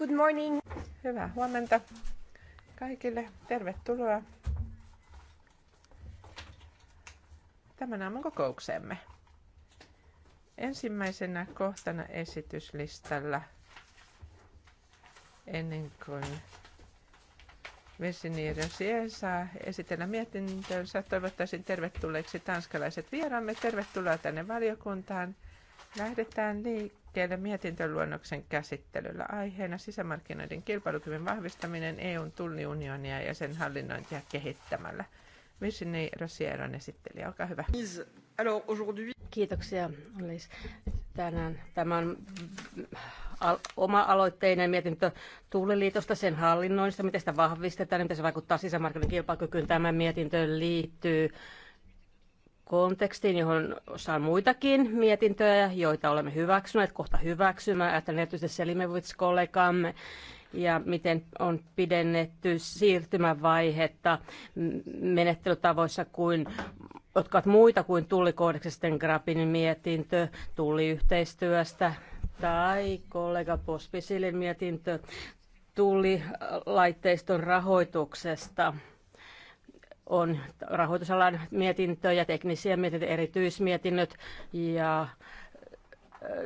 Good morning. Hyvää huomenta kaikille. Tervetuloa tämän aamun kokoukseemme. Ensimmäisenä kohtana esityslistalla ennen kuin Vesiniirja saa esitellä mietintönsä. Toivottaisin tervetulleeksi tanskalaiset vieraamme. Tervetuloa tänne valiokuntaan. Lähdetään liikkeelle mietintöluonnoksen käsittelyllä aiheena sisämarkkinoiden kilpailukyvyn vahvistaminen EUn tulliunionia ja sen hallinnointia kehittämällä. Virginie Rosier on esittelijä, olkaa hyvä. Kiitoksia Liz. Tänään tämän al- oma-aloitteinen mietintö Tuuliliitosta, sen hallinnoinnista, miten sitä vahvistetaan, miten se vaikuttaa sisämarkkinoiden kilpailukykyyn. Tämä mietintö liittyy kontekstiin, johon saan muitakin mietintöjä, joita olemme hyväksyneet, kohta hyväksymään. että erityisesti Selimevits-kollegamme, ja miten on pidennetty siirtymävaihetta menettelytavoissa kuin jotka ovat muita kuin tullikohdeksisten Grapinin mietintö tulliyhteistyöstä tai kollega Pospisilin mietintö tullilaitteiston rahoituksesta – on rahoitusalan mietintö ja teknisiä mietintöjä, erityismietinnöt ja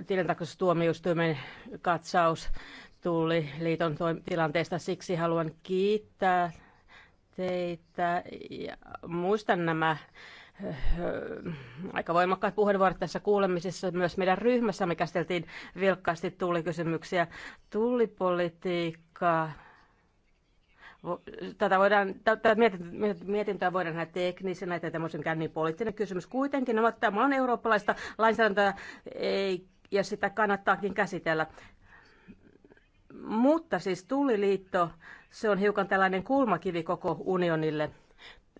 tilintarkastustuomioistuimen katsaus liiton tilanteesta. Siksi haluan kiittää teitä ja muistan nämä aika voimakkaat puheenvuorot tässä kuulemisessa. Myös meidän ryhmässämme käsiteltiin vilkkaasti tullikysymyksiä. Tullipolitiikkaa tätä voidaan, tätä mietintöä voidaan nähdä teknisenä, että tämmöisen on niin poliittinen kysymys. Kuitenkin no, tämä on eurooppalaista lainsäädäntöä ei, ja sitä kannattaakin käsitellä. Mutta siis tulliliitto, se on hiukan tällainen kulmakivi koko unionille.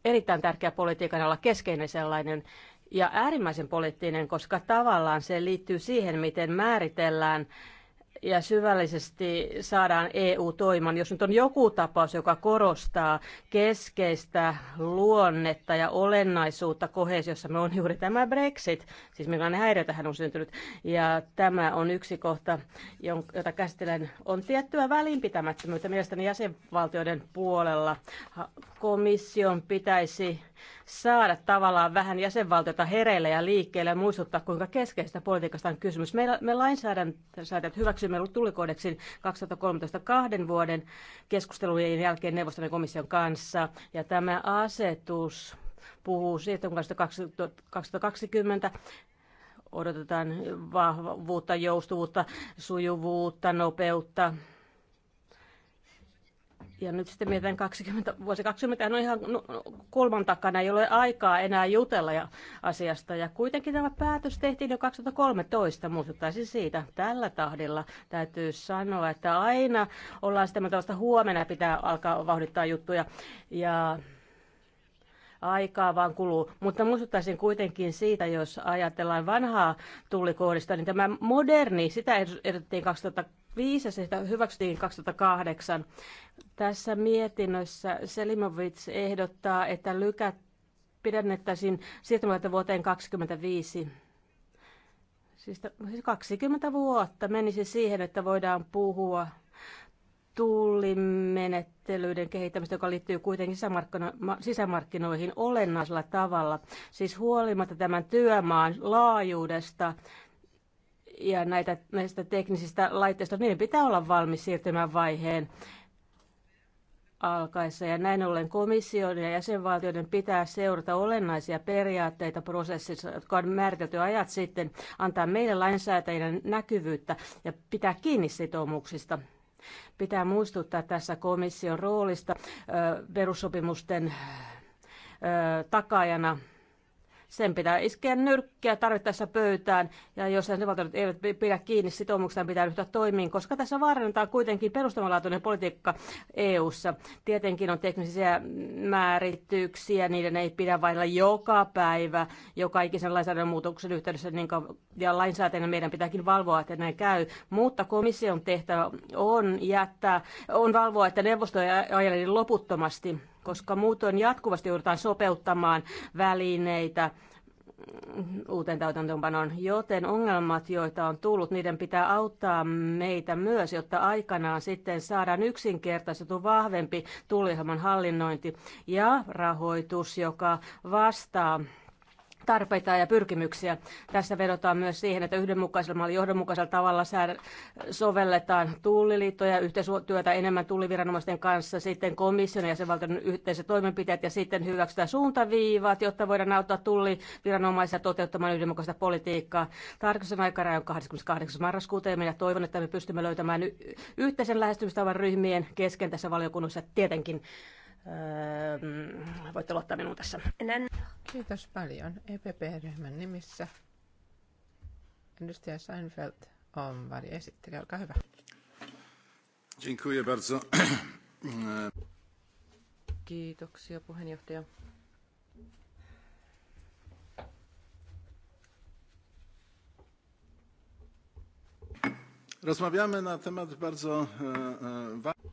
Erittäin tärkeä politiikan olla keskeinen sellainen ja äärimmäisen poliittinen, koska tavallaan se liittyy siihen, miten määritellään ja syvällisesti saadaan EU toimimaan. Jos nyt on joku tapaus, joka korostaa keskeistä luonnetta ja olennaisuutta kohesiossa, me on juuri tämä Brexit, siis millainen häiriö tähän on syntynyt. Ja tämä on yksi kohta, jota käsittelen, on tiettyä välinpitämättömyyttä mielestäni jäsenvaltioiden puolella. Komission pitäisi saada tavallaan vähän jäsenvaltiota hereille ja liikkeelle ja muistuttaa, kuinka keskeisestä politiikasta on kysymys. Meillä, me lainsäädäntöt hyväksymme tulikodeksin 2013 kahden vuoden keskustelujen jälkeen neuvoston ja komission kanssa. Ja tämä asetus puhuu siitä, kun 2020 odotetaan vahvuutta, joustuvuutta, sujuvuutta, nopeutta, ja nyt sitten mietitään 20, vuosi 20, on no ihan no, no, kulman takana ei ole aikaa enää jutella ja asiasta. Ja kuitenkin tämä päätös tehtiin jo 2013, muistuttaisin siitä. Tällä tahdilla täytyy sanoa, että aina ollaan sitten tällaista huomenna pitää alkaa vauhdittaa juttuja. Ja aikaa vaan kuluu. Mutta muistuttaisin kuitenkin siitä, jos ajatellaan vanhaa tullikohdista, niin tämä moderni, sitä edettiin 2013 viisas, sitä hyväksyttiin 2008. Tässä mietinnössä Selimovic ehdottaa, että lykät pidennettäisiin siirtymällä vuoteen 25. Siis 20 siis vuotta menisi siihen, että voidaan puhua tullimenettelyiden kehittämistä, joka liittyy kuitenkin sisämarkkino- sisämarkkinoihin olennaisella tavalla. Siis huolimatta tämän työmaan laajuudesta, ja näitä, näistä teknisistä laitteista, niiden pitää olla valmis siirtymään vaiheen alkaessa. Ja näin ollen komission ja jäsenvaltioiden pitää seurata olennaisia periaatteita prosessissa, jotka on määritelty ajat sitten, antaa meille lainsäätäjille näkyvyyttä ja pitää kiinni sitoumuksista. Pitää muistuttaa tässä komission roolista perussopimusten takaajana – sen pitää iskeä nyrkkiä tarvittaessa pöytään, ja jos jäsenvaltiot eivät pidä kiinni sitoumuksistaan, pitää ryhtyä toimiin, koska tässä vaarannetaan kuitenkin perustavanlaatuinen politiikka EU-ssa. Tietenkin on teknisiä määrityksiä, niiden ei pidä vailla joka päivä, joka ikisen lainsäädännön muutoksen yhteydessä, niin kuin, ja lainsäätäjänä meidän pitääkin valvoa, että näin käy. Mutta komission tehtävä on jättää, on valvoa, että neuvosto ei ajele loputtomasti koska muutoin jatkuvasti joudutaan sopeuttamaan välineitä uuteen täytäntöönpanoon, joten ongelmat, joita on tullut, niiden pitää auttaa meitä myös, jotta aikanaan sitten saadaan yksinkertaistettu vahvempi tullihomman hallinnointi ja rahoitus, joka vastaa tarpeita ja pyrkimyksiä. Tässä vedotaan myös siihen, että yhdenmukaisella ja johdonmukaisella tavalla sovelletaan tulliliittoja ja yhteistyötä enemmän tulliviranomaisten kanssa, sitten komission ja sen valtion yhteiset toimenpiteet ja sitten hyväksytään suuntaviivat, jotta voidaan auttaa tulliviranomaisia toteuttamaan yhdenmukaista politiikkaa. Tarkastuksen aikaraja on 28. marraskuuta ja minä toivon, että me pystymme löytämään yhteisen lähestymistavan ryhmien kesken tässä valiokunnassa tietenkin Öö, voitte luottaa minuun tässä. Kiitos paljon EPP-ryhmän nimissä. Edustaja Seinfeld on esittely. Olkaa hyvä. bardzo. Kiitoksia puheenjohtaja. Rozmawiamy na temat bardzo... E, e,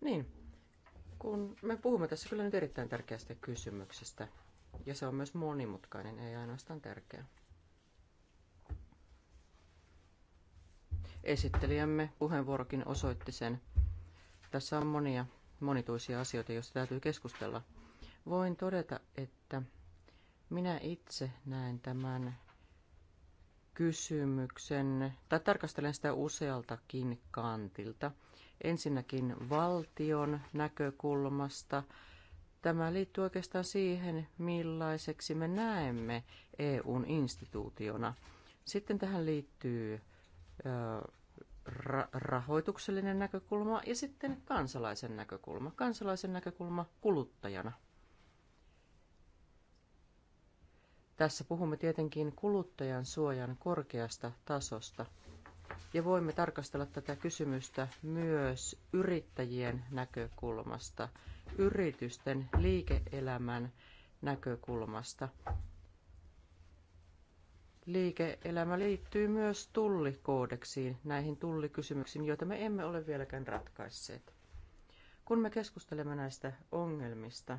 niin, kun me puhumme tässä kyllä nyt erittäin tärkeästä kysymyksestä, ja se on myös monimutkainen, ei ainoastaan tärkeä. Esittelijämme puheenvuorokin osoitti sen. Tässä on monia monituisia asioita, joista täytyy keskustella. Voin todeta, että minä itse näen tämän kysymyksen, tai tarkastelen sitä usealtakin kantilta – Ensinnäkin valtion näkökulmasta. Tämä liittyy oikeastaan siihen, millaiseksi me näemme EUn instituutiona. Sitten tähän liittyy ra- rahoituksellinen näkökulma ja sitten kansalaisen näkökulma. Kansalaisen näkökulma kuluttajana. Tässä puhumme tietenkin kuluttajan suojan korkeasta tasosta – ja voimme tarkastella tätä kysymystä myös yrittäjien näkökulmasta, yritysten liike-elämän näkökulmasta. Liike-elämä liittyy myös tullikoodeksiin, näihin tullikysymyksiin, joita me emme ole vieläkään ratkaisseet. Kun me keskustelemme näistä ongelmista,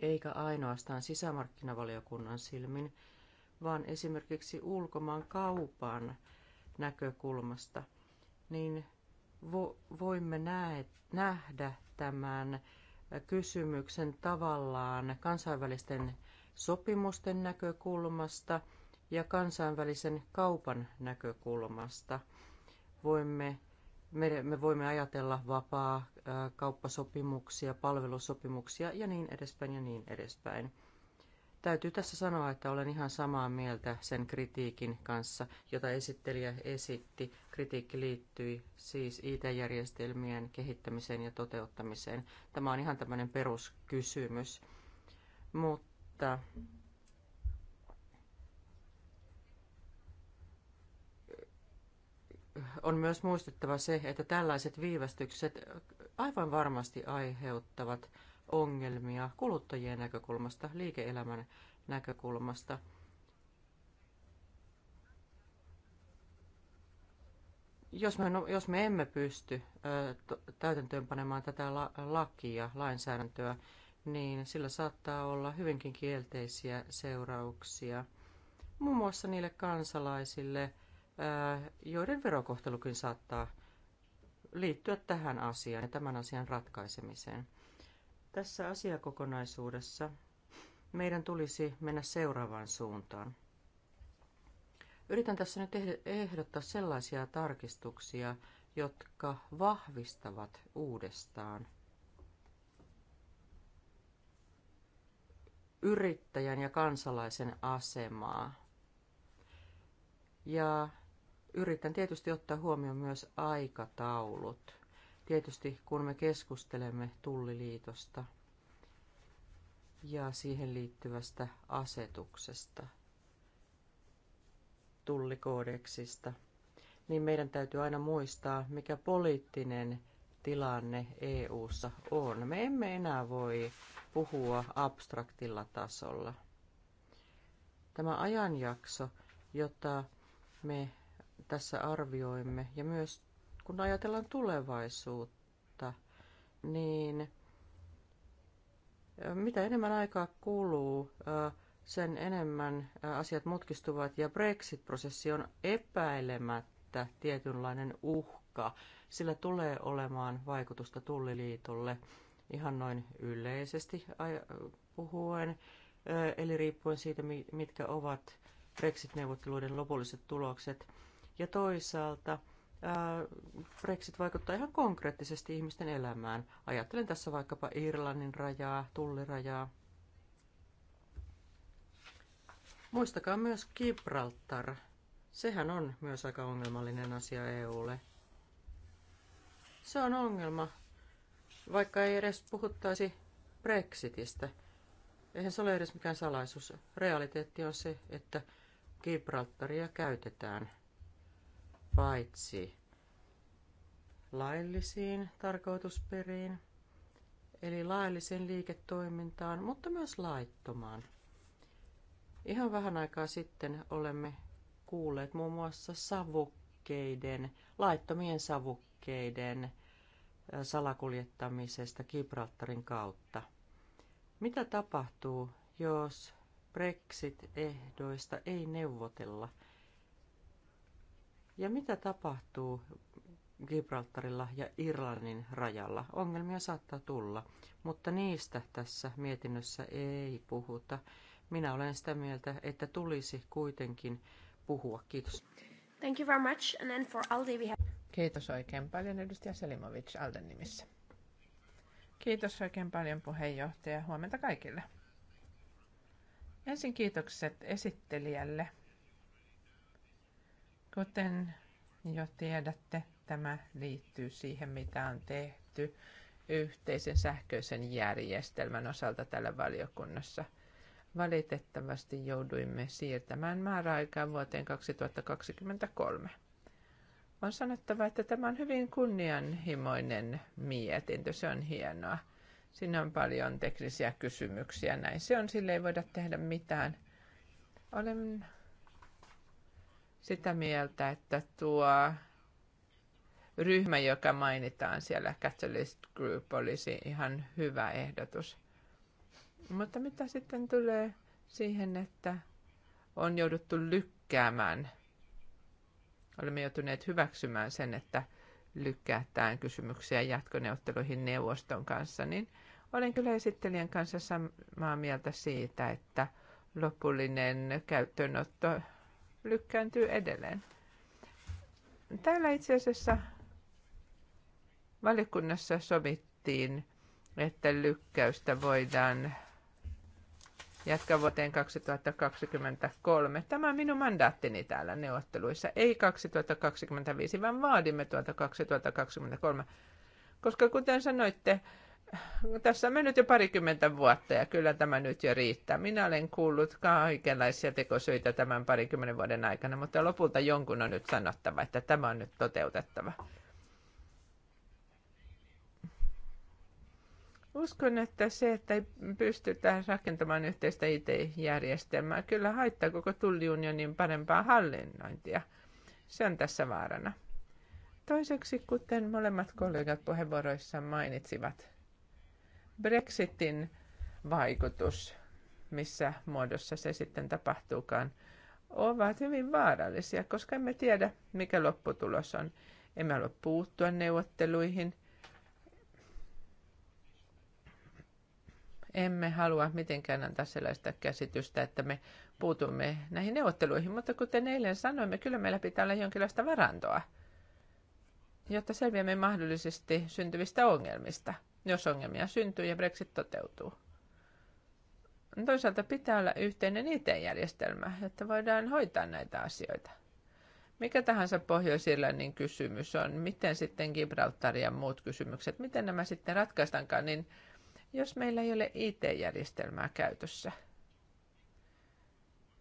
eikä ainoastaan sisämarkkinavaliokunnan silmin, vaan esimerkiksi ulkomaan kaupan näkökulmasta, niin vo, voimme näe, nähdä tämän kysymyksen tavallaan kansainvälisten sopimusten näkökulmasta ja kansainvälisen kaupan näkökulmasta. Voimme, me, me voimme ajatella vapaa kauppasopimuksia, palvelusopimuksia ja niin edespäin ja niin edespäin. Täytyy tässä sanoa, että olen ihan samaa mieltä sen kritiikin kanssa, jota esittelijä esitti. Kritiikki liittyi siis IT-järjestelmien kehittämiseen ja toteuttamiseen. Tämä on ihan tämmöinen peruskysymys. Mutta on myös muistettava se, että tällaiset viivästykset aivan varmasti aiheuttavat ongelmia kuluttajien näkökulmasta, liike-elämän näkökulmasta. Jos me, no, jos me emme pysty panemaan tätä lakia, lainsäädäntöä, niin sillä saattaa olla hyvinkin kielteisiä seurauksia muun muassa niille kansalaisille, joiden verokohtelukin saattaa liittyä tähän asiaan ja tämän asian ratkaisemiseen. Tässä asiakokonaisuudessa meidän tulisi mennä seuraavaan suuntaan. Yritän tässä nyt ehdottaa sellaisia tarkistuksia, jotka vahvistavat uudestaan yrittäjän ja kansalaisen asemaa. Ja yritän tietysti ottaa huomioon myös aikataulut tietysti kun me keskustelemme Tulliliitosta ja siihen liittyvästä asetuksesta, tullikoodeksista, niin meidän täytyy aina muistaa, mikä poliittinen tilanne EU:ssa on. Me emme enää voi puhua abstraktilla tasolla. Tämä ajanjakso, jota me tässä arvioimme, ja myös kun ajatellaan tulevaisuutta, niin mitä enemmän aikaa kuluu, sen enemmän asiat mutkistuvat ja Brexit-prosessi on epäilemättä tietynlainen uhka. Sillä tulee olemaan vaikutusta tulliliitolle ihan noin yleisesti puhuen, eli riippuen siitä, mitkä ovat Brexit-neuvotteluiden lopulliset tulokset. Ja toisaalta – Brexit vaikuttaa ihan konkreettisesti ihmisten elämään. Ajattelen tässä vaikkapa Irlannin rajaa, tullirajaa. Muistakaa myös Gibraltar. Sehän on myös aika ongelmallinen asia EUlle. Se on ongelma, vaikka ei edes puhuttaisi Brexitistä. Eihän se ole edes mikään salaisuus. Realiteetti on se, että Gibraltaria käytetään – paitsi laillisiin tarkoitusperiin, eli lailliseen liiketoimintaan, mutta myös laittomaan. Ihan vähän aikaa sitten olemme kuulleet muun muassa savukkeiden, laittomien savukkeiden salakuljettamisesta Gibraltarin kautta. Mitä tapahtuu, jos Brexit-ehdoista ei neuvotella – ja mitä tapahtuu Gibraltarilla ja Irlannin rajalla? Ongelmia saattaa tulla, mutta niistä tässä mietinnössä ei puhuta. Minä olen sitä mieltä, että tulisi kuitenkin puhua. Kiitos. Thank you very much. And then for Aldi we have... Kiitos oikein paljon edustaja Selimovic Alden nimissä. Kiitos oikein paljon puheenjohtaja. Huomenta kaikille. Ensin kiitokset esittelijälle – Kuten jo tiedätte, tämä liittyy siihen, mitä on tehty yhteisen sähköisen järjestelmän osalta tällä valiokunnassa. Valitettavasti jouduimme siirtämään määräaikaa vuoteen 2023. On sanottava, että tämä on hyvin kunnianhimoinen mietintö, se on hienoa. Siinä on paljon teknisiä kysymyksiä, näin se on, sille ei voida tehdä mitään. Olen sitä mieltä, että tuo ryhmä, joka mainitaan siellä, Catalyst Group, olisi ihan hyvä ehdotus. Mutta mitä sitten tulee siihen, että on jouduttu lykkäämään, olemme joutuneet hyväksymään sen, että lykkäätään kysymyksiä jatkoneuvotteluihin neuvoston kanssa, niin olen kyllä esittelijän kanssa samaa mieltä siitä, että lopullinen käyttöönotto lykkääntyy edelleen. Täällä itse asiassa valiokunnassa sovittiin, että lykkäystä voidaan jatkaa vuoteen 2023. Tämä on minun mandaattini täällä neuvotteluissa. Ei 2025, vaan vaadimme tuota 2023. Koska kuten sanoitte, tässä on mennyt jo parikymmentä vuotta ja kyllä tämä nyt jo riittää. Minä olen kuullut kaikenlaisia tekosyitä tämän parikymmenen vuoden aikana, mutta lopulta jonkun on nyt sanottava, että tämä on nyt toteutettava. Uskon, että se, että ei pystytä rakentamaan yhteistä IT-järjestelmää, kyllä haittaa koko tulliunionin parempaa hallinnointia. Se on tässä vaarana. Toiseksi, kuten molemmat kollegat puheenvuoroissaan mainitsivat, Brexitin vaikutus, missä muodossa se sitten tapahtuukaan, ovat hyvin vaarallisia, koska emme tiedä, mikä lopputulos on. Emme halua puuttua neuvotteluihin. Emme halua mitenkään antaa sellaista käsitystä, että me puutumme näihin neuvotteluihin, mutta kuten eilen sanoimme, kyllä meillä pitää olla jonkinlaista varantoa, jotta selviämme mahdollisesti syntyvistä ongelmista – jos ongelmia syntyy ja Brexit toteutuu. Toisaalta pitää olla yhteinen IT-järjestelmä, jotta voidaan hoitaa näitä asioita. Mikä tahansa Pohjois-Irlannin kysymys on, miten sitten Gibraltar ja muut kysymykset, miten nämä sitten ratkaistaankaan, niin jos meillä ei ole IT-järjestelmää käytössä,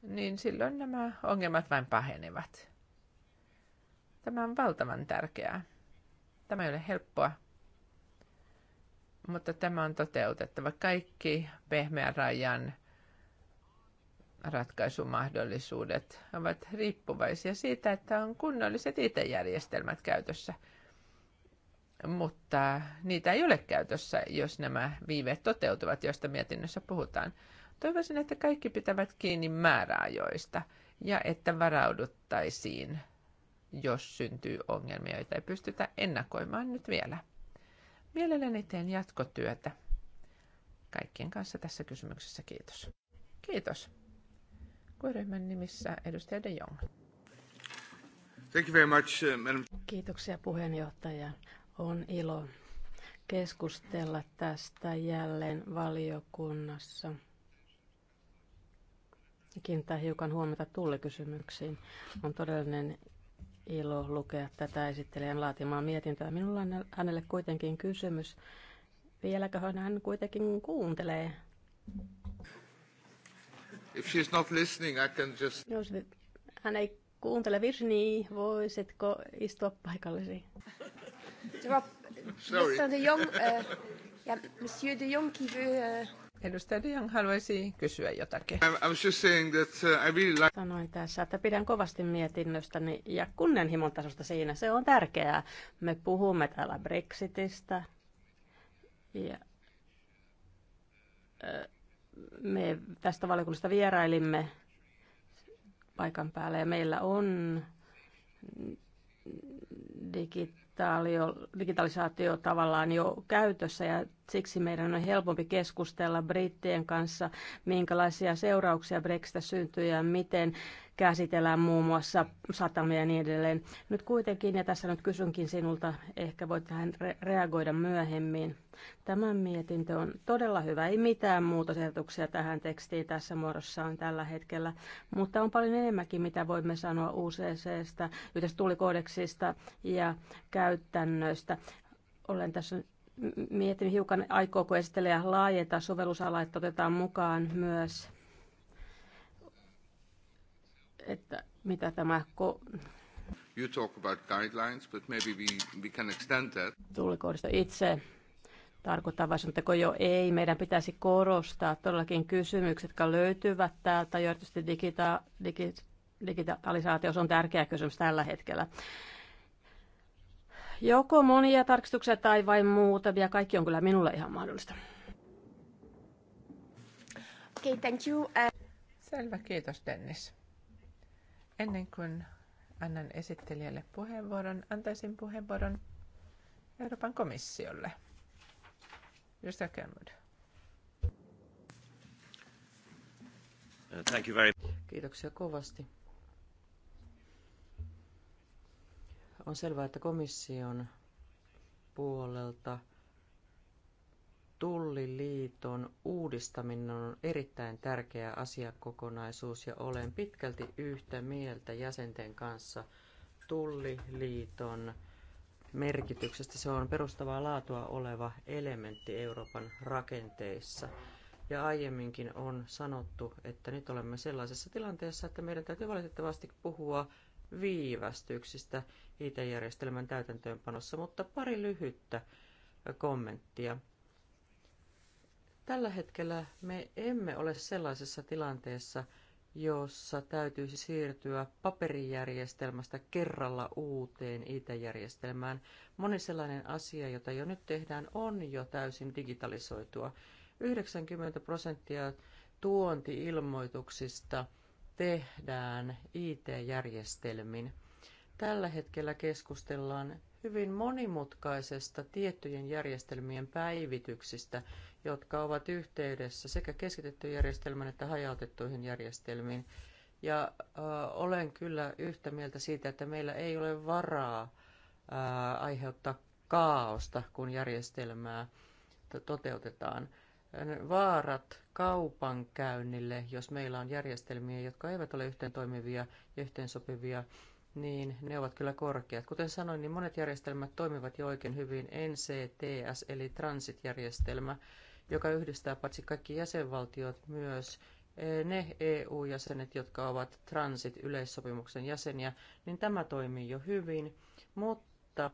niin silloin nämä ongelmat vain pahenevat. Tämä on valtavan tärkeää. Tämä ei ole helppoa, mutta tämä on toteutettava. Kaikki pehmeän rajan ratkaisumahdollisuudet ovat riippuvaisia siitä, että on kunnolliset IT-järjestelmät käytössä. Mutta niitä ei ole käytössä, jos nämä viiveet toteutuvat, joista mietinnössä puhutaan. Toivoisin, että kaikki pitävät kiinni määräajoista ja että varauduttaisiin, jos syntyy ongelmia, joita ei pystytä ennakoimaan nyt vielä. Mielelläni teen jatkotyötä kaikkien kanssa tässä kysymyksessä. Kiitos. Kiitos. Kuoryhmän nimissä edustaja De Jong. Thank you very much, uh, madam. Kiitoksia puheenjohtaja. On ilo keskustella tästä jälleen valiokunnassa kiinnittää hiukan huomiota tullikysymyksiin. On todellinen ilo lukea tätä esittelijän laatimaa mietintöä. Minulla on hänelle kuitenkin kysymys. Vieläköhän hän kuitenkin kuuntelee? If she's not listening, I can just... Jos hän ei kuuntele Virginia, voisitko istua paikallesi? Sorry. Mr. de Jong, uh, yeah, Monsieur de Jong qui veut uh, Edustaja Dian haluaisi kysyä jotakin. Sanoin tässä, että pidän kovasti mietinnöstäni ja kunnianhimon tasosta siinä. Se on tärkeää. Me puhumme täällä Brexitistä ja me tästä valiokunnasta vierailimme paikan päällä ja meillä on digit digitaalio, digitalisaatio tavallaan jo käytössä ja siksi meidän on helpompi keskustella brittien kanssa, minkälaisia seurauksia Brexitä syntyy ja miten käsitellään muun muassa satamia ja niin edelleen. Nyt kuitenkin, ja tässä nyt kysynkin sinulta, ehkä voit tähän re- reagoida myöhemmin. Tämä mietintö on todella hyvä. Ei mitään muutosehdotuksia tähän tekstiin tässä muodossa on tällä hetkellä, mutta on paljon enemmänkin, mitä voimme sanoa UCC-stä, yhdessä tulikodeksista ja käytännöistä. Olen tässä mietin hiukan, aikooko esittelijä laajentaa sovellusalaa, että otetaan mukaan myös että mitä tämä ko- You talk about guidelines, but maybe we, we can extend that. Tullikohdista itse tarkoittaa vai sanotteko jo ei. Meidän pitäisi korostaa todellakin kysymykset, jotka löytyvät täältä. Jo erityisesti digita, digi, digitalisaatio on tärkeä kysymys tällä hetkellä. Joko monia tarkistuksia tai vain muutamia, kaikki on kyllä minulle ihan mahdollista. okay, thank you. Selvä, kiitos Dennis. Ennen kuin annan esittelijälle puheenvuoron, antaisin puheenvuoron Euroopan komissiolle. Just Thank you very... Kiitoksia kovasti. On selvää, että komission puolelta Tulliliiton uudistaminen on erittäin tärkeä asiakokonaisuus ja olen pitkälti yhtä mieltä jäsenten kanssa Tulliliiton merkityksestä. Se on perustavaa laatua oleva elementti Euroopan rakenteissa. Ja aiemminkin on sanottu, että nyt olemme sellaisessa tilanteessa, että meidän täytyy valitettavasti puhua viivästyksistä IT-järjestelmän täytäntöönpanossa, mutta pari lyhyttä kommenttia. Tällä hetkellä me emme ole sellaisessa tilanteessa, jossa täytyisi siirtyä paperijärjestelmästä kerralla uuteen IT-järjestelmään. Moni sellainen asia, jota jo nyt tehdään, on jo täysin digitalisoitua. 90 prosenttia tuontiilmoituksista tehdään IT-järjestelmin. Tällä hetkellä keskustellaan hyvin monimutkaisesta tiettyjen järjestelmien päivityksistä – jotka ovat yhteydessä sekä keskitettyyn järjestelmään että hajautettuihin järjestelmiin. Ja äh, olen kyllä yhtä mieltä siitä, että meillä ei ole varaa äh, aiheuttaa kaaosta, kun järjestelmää toteutetaan. Vaarat kaupankäynnille, jos meillä on järjestelmiä, jotka eivät ole yhteen toimivia ja yhteen sopivia, niin ne ovat kyllä korkeat. Kuten sanoin, niin monet järjestelmät toimivat jo oikein hyvin. NCTS eli transitjärjestelmä järjestelmä joka yhdistää paitsi kaikki jäsenvaltiot myös eh, ne EU-jäsenet, jotka ovat transit-yleissopimuksen jäseniä, niin tämä toimii jo hyvin, mutta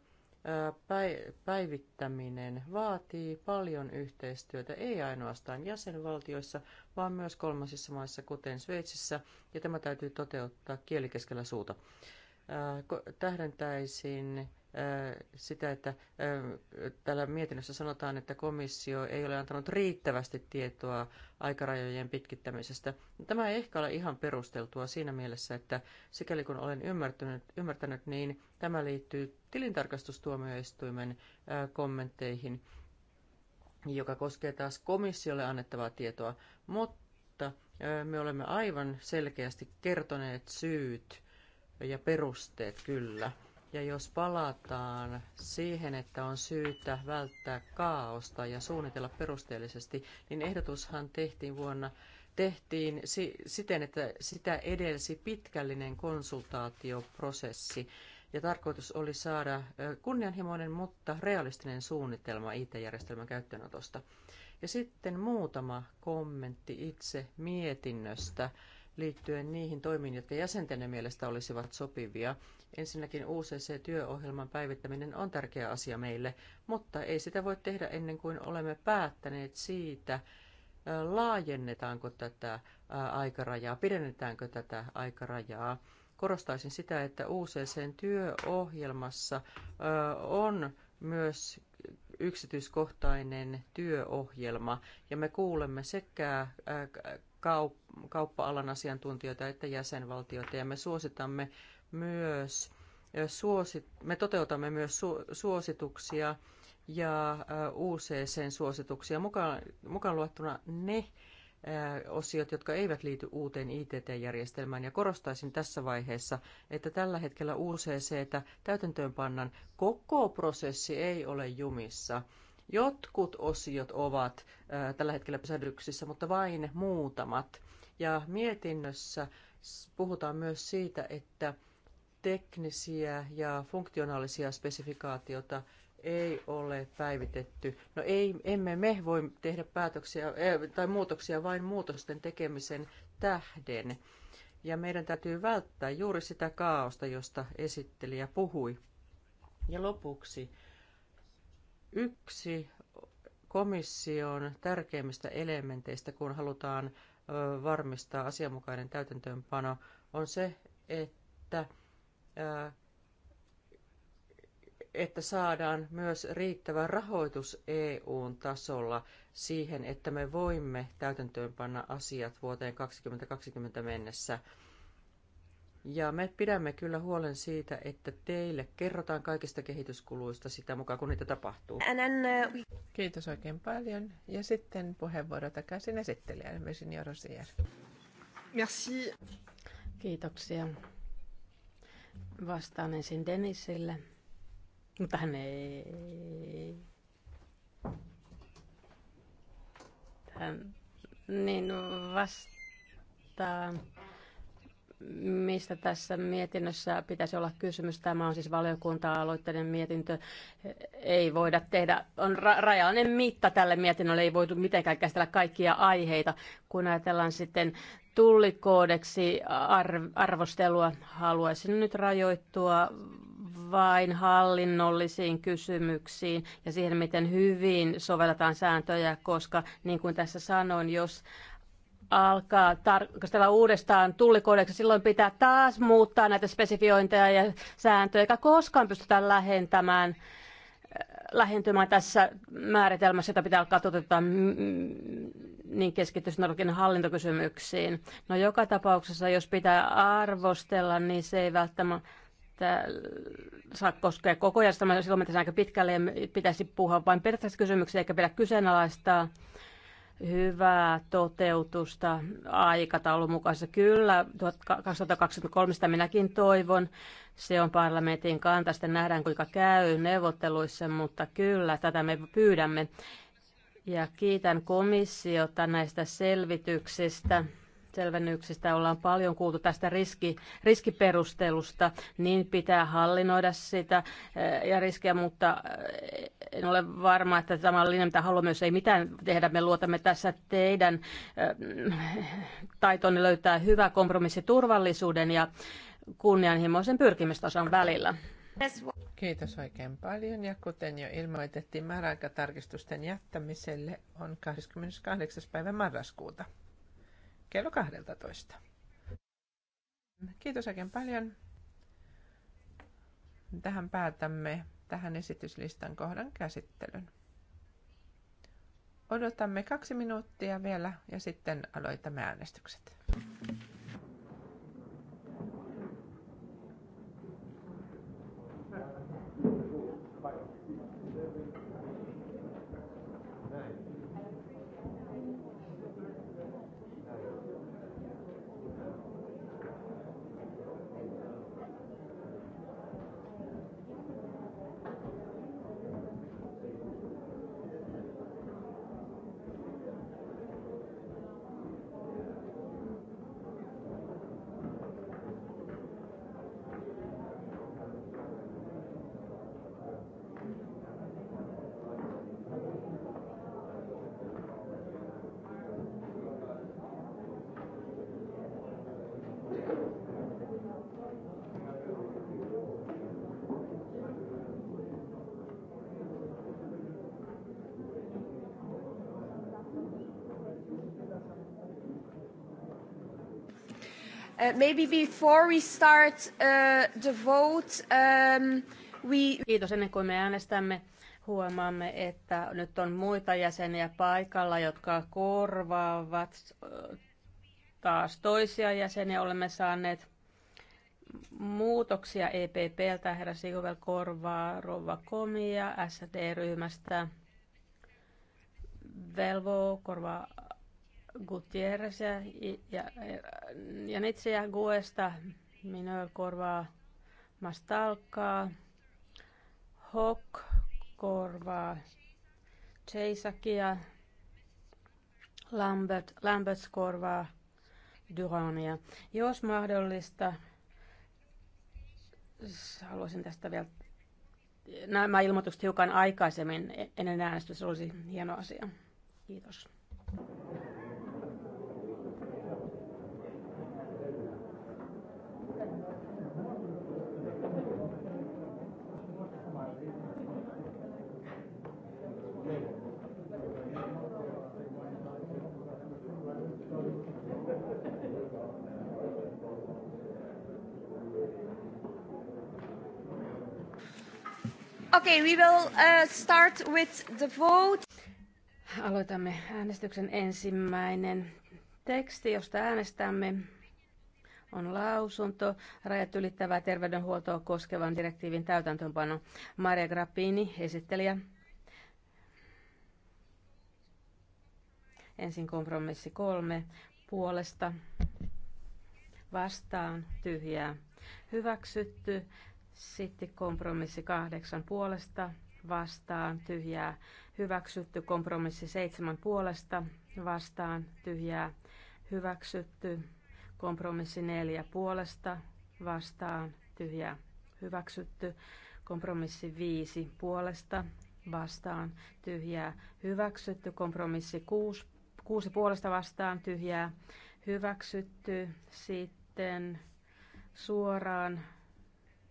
eh, päivittäminen vaatii paljon yhteistyötä, ei ainoastaan jäsenvaltioissa, vaan myös kolmansissa maissa, kuten Sveitsissä, ja tämä täytyy toteuttaa kielikeskellä suuta. Eh, tähdentäisin sitä, että täällä mietinnössä sanotaan, että komissio ei ole antanut riittävästi tietoa aikarajojen pitkittämisestä. Tämä ei ehkä ole ihan perusteltua siinä mielessä, että sikäli kun olen ymmärtänyt, ymmärtänyt niin tämä liittyy tilintarkastustuomioistuimen kommentteihin, joka koskee taas komissiolle annettavaa tietoa, mutta me olemme aivan selkeästi kertoneet syyt ja perusteet kyllä – ja jos palataan siihen, että on syytä välttää kaaosta ja suunnitella perusteellisesti, niin ehdotushan tehtiin vuonna tehtiin siten, että sitä edelsi pitkällinen konsultaatioprosessi. Ja tarkoitus oli saada kunnianhimoinen, mutta realistinen suunnitelma IT-järjestelmän käyttöönotosta. Ja sitten muutama kommentti itse mietinnöstä liittyen niihin toimiin, jotka jäsenten mielestä olisivat sopivia. Ensinnäkin UCC-työohjelman päivittäminen on tärkeä asia meille, mutta ei sitä voi tehdä ennen kuin olemme päättäneet siitä, laajennetaanko tätä aikarajaa, pidennetäänkö tätä aikarajaa. Korostaisin sitä, että UCCn työohjelmassa on myös yksityiskohtainen työohjelma ja me kuulemme sekä kauppa-alan asiantuntijoita että jäsenvaltioita ja me suositamme myös me toteutamme myös suosituksia ja UCC-suosituksia, mukaan, mukaan luettuna ne osiot, jotka eivät liity uuteen ITT-järjestelmään. Ja korostaisin tässä vaiheessa, että tällä hetkellä UCCtä täytäntöönpannan koko prosessi ei ole jumissa – Jotkut osiot ovat tällä hetkellä pysähdyksissä, mutta vain muutamat. Ja mietinnössä puhutaan myös siitä, että teknisiä ja funktionaalisia spesifikaatiota ei ole päivitetty. No ei, emme me voi tehdä päätöksiä tai muutoksia vain muutosten tekemisen tähden. Ja meidän täytyy välttää juuri sitä kaaosta, josta esittelijä puhui. Ja lopuksi Yksi komission tärkeimmistä elementeistä, kun halutaan varmistaa asianmukainen täytäntöönpano, on se, että, että saadaan myös riittävä rahoitus EUn tasolla siihen, että me voimme täytäntöönpanna asiat vuoteen 2020 mennessä – ja me pidämme kyllä huolen siitä, että teille kerrotaan kaikista kehityskuluista sitä mukaan, kun niitä tapahtuu. Uh, Kiitos oikein paljon. Ja sitten puheenvuoro takaisin esittelijälle, Virginia Rosier. Merci. Kiitoksia. Vastaan ensin Denisille, mutta hän ei... Tähän... niin no, vastaan mistä tässä mietinnössä pitäisi olla kysymys. Tämä on siis valiokunta aloitteiden mietintö. Ei voida tehdä, on ra- rajallinen mitta tälle mietinnölle, ei voitu mitenkään käsitellä kaikkia aiheita. Kun ajatellaan sitten tullikoodeksi ar- arvostelua, haluaisin nyt rajoittua vain hallinnollisiin kysymyksiin ja siihen, miten hyvin sovelletaan sääntöjä, koska niin kuin tässä sanoin, jos alkaa tarkastella uudestaan tullikodeksi, silloin pitää taas muuttaa näitä spesifiointeja ja sääntöjä, eikä koskaan pystytä lähentämään lähentymään tässä määritelmässä, jota pitää alkaa toteuttaa mm, mm, niin keskittyisi hallintokysymyksiin. No joka tapauksessa, jos pitää arvostella, niin se ei välttämättä saa koskea koko järjestelmää, silloin mennään aika pitkälle ja pitäisi puhua vain periaatteessa kysymyksiä eikä pidä kyseenalaistaa hyvää toteutusta aikataulun mukaisesti. Kyllä, 2023 sitä minäkin toivon. Se on parlamentin kanta. Sitten nähdään, kuinka käy neuvotteluissa, mutta kyllä, tätä me pyydämme. Ja kiitän komissiota näistä selvityksistä selvennyksistä ollaan paljon kuultu tästä riski, riskiperustelusta, niin pitää hallinnoida sitä eh, ja riskejä, mutta eh, en ole varma, että tämä on linja, mitä haluamme, jos ei mitään tehdä. Me luotamme tässä teidän eh, taitoon löytää hyvä kompromissi turvallisuuden ja kunnianhimoisen pyrkimystason välillä. Kiitos oikein paljon ja kuten jo ilmoitettiin, määräaikatarkistusten jättämiselle on 28. päivä marraskuuta kello 12. Kiitos oikein paljon. Tähän päätämme tähän esityslistan kohdan käsittelyn. Odotamme kaksi minuuttia vielä ja sitten aloitamme äänestykset. Uh, maybe before we start uh, the vote, um, we... Kiitos ennen kuin me äänestämme. Huomaamme, että nyt on muita jäseniä paikalla, jotka korvaavat uh, taas toisia jäseniä. Olemme saaneet muutoksia EPPltä. Herra Sigovel korvaa Rova Komia SD-ryhmästä. Velvo korvaa Gutierrez ja, ja, ja ja Guesta, minä korvaa Mastalkaa, Hock korvaa Cheisakia, Lambert, Lambert korvaa Durania. Jos mahdollista, haluaisin tästä vielä nämä ilmoitukset hiukan aikaisemmin ennen äänestystä. Se olisi hieno asia. Kiitos. Okay, we will uh, start with the vote. Aloitamme äänestyksen ensimmäinen teksti, josta äänestämme on lausunto rajat ylittävää terveydenhuoltoa koskevan direktiivin täytäntöönpano. Maria Grappini, esittelijä. Ensin kompromissi kolme puolesta vastaan tyhjää. Hyväksytty. Sitten kompromissi kahdeksan puolesta vastaan tyhjää hyväksytty. Kompromissi seitsemän puolesta vastaan tyhjää hyväksytty. Kompromissi neljä puolesta vastaan tyhjää hyväksytty. Kompromissi viisi puolesta vastaan tyhjää hyväksytty. Kompromissi kuusi, kuusi puolesta vastaan tyhjää hyväksytty. Sitten suoraan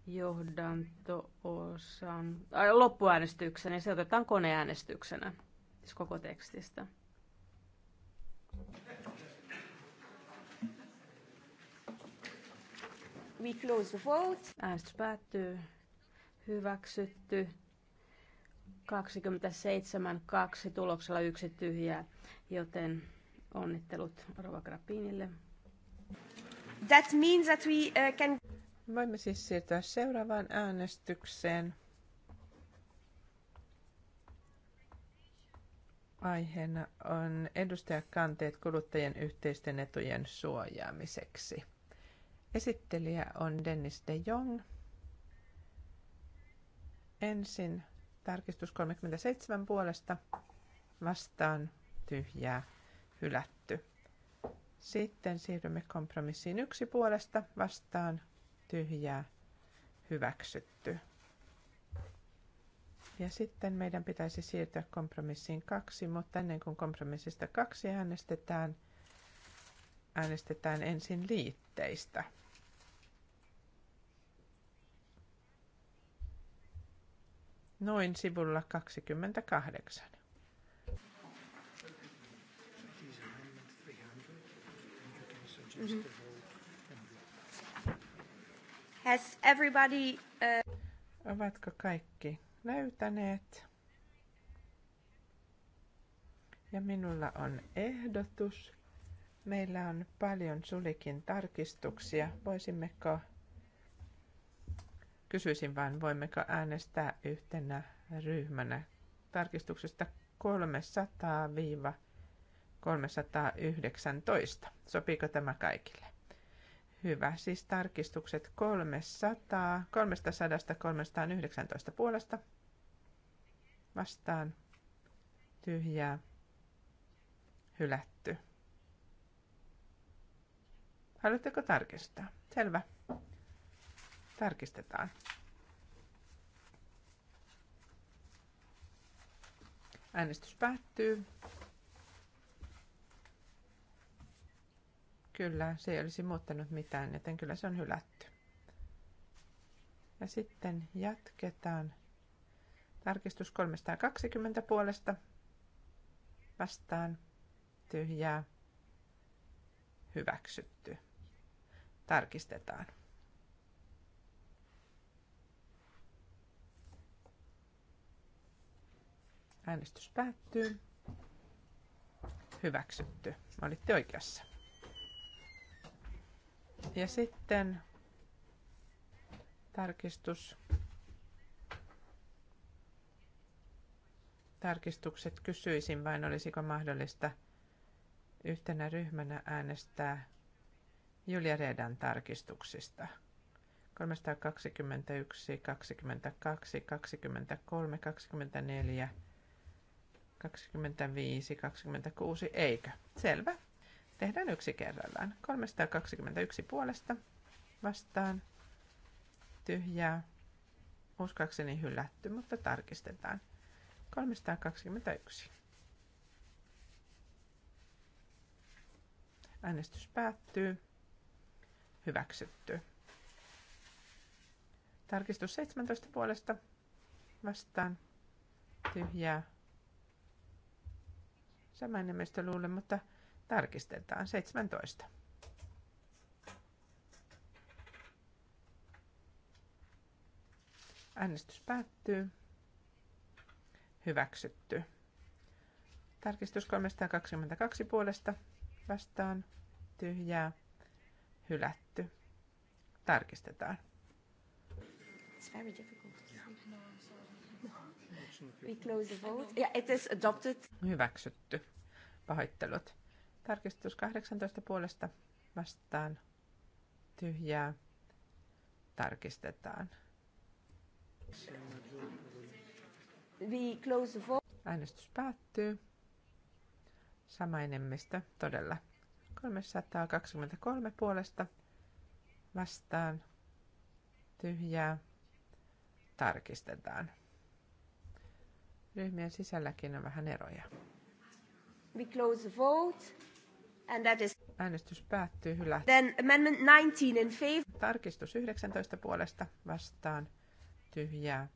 johdanto-osan, äh, loppuäänestyksen niin se otetaan koneäänestyksenä, siis koko tekstistä. We close the vote. Äänestys päättyy. Hyväksytty. 27-2 tuloksella yksi tyhjää, joten onnittelut Rova Grappinille. That means that we uh, can... Voimme siis siirtyä seuraavaan äänestykseen. Aiheena on edustajakanteet kuluttajien yhteisten etujen suojaamiseksi. Esittelijä on Dennis de Jong. Ensin tarkistus 37 puolesta vastaan tyhjää hylätty. Sitten siirrymme kompromissiin yksi puolesta vastaan tyhjää hyväksytty. Ja sitten meidän pitäisi siirtyä kompromissiin kaksi, mutta ennen kuin kompromissista kaksi äänestetään, äänestetään ensin liitteistä. Noin sivulla 28. Mm-hmm. Has everybody... Uh... Ovatko kaikki löytäneet? Ja minulla on ehdotus. Meillä on paljon sulikin tarkistuksia. Voisimmeko, kysyisin vain, voimmeko äänestää yhtenä ryhmänä tarkistuksesta 300-319. Sopiiko tämä kaikille? Hyvä, siis tarkistukset 300, 300 319 puolesta vastaan tyhjää hylätty. Haluatteko tarkistaa? Selvä. Tarkistetaan. Äänestys päättyy. Kyllä, se ei olisi muuttanut mitään, joten kyllä se on hylätty. Ja sitten jatketaan. Tarkistus 320 puolesta. Vastaan. Tyhjää. Hyväksytty. Tarkistetaan. Äänestys päättyy. Hyväksytty. Olitte oikeassa. Ja sitten tarkistus. Tarkistukset kysyisin vain, olisiko mahdollista yhtenä ryhmänä äänestää Julia Redan tarkistuksista. 321, 22, 23, 24, 25, 26, eikö? Selvä. Tehdään yksi kerrallaan. 321 puolesta vastaan tyhjää. Uskakseni hylätty, mutta tarkistetaan. 321. Äänestys päättyy. Hyväksytty. Tarkistus 17 puolesta vastaan. Tyhjää. Sama enemmistö luulen, mutta Tarkistetaan 17. Äänestys päättyy. Hyväksytty. Tarkistus 322 puolesta vastaan tyhjää. Hylätty. Tarkistetaan. It's very difficult. We close the vote. Yeah, it is adopted. Hyväksytty. Pahoittelut. Tarkistus 18 puolesta vastaan tyhjää tarkistetaan. Äänestys päättyy. Sama enemmistö, todella. 323 puolesta vastaan tyhjää tarkistetaan. Ryhmien sisälläkin on vähän eroja. We close the vote. And that is... Äänestys päättyy hylätty. Then amendment 19 in favor. Tarkistus 19 puolesta vastaan tyhjää.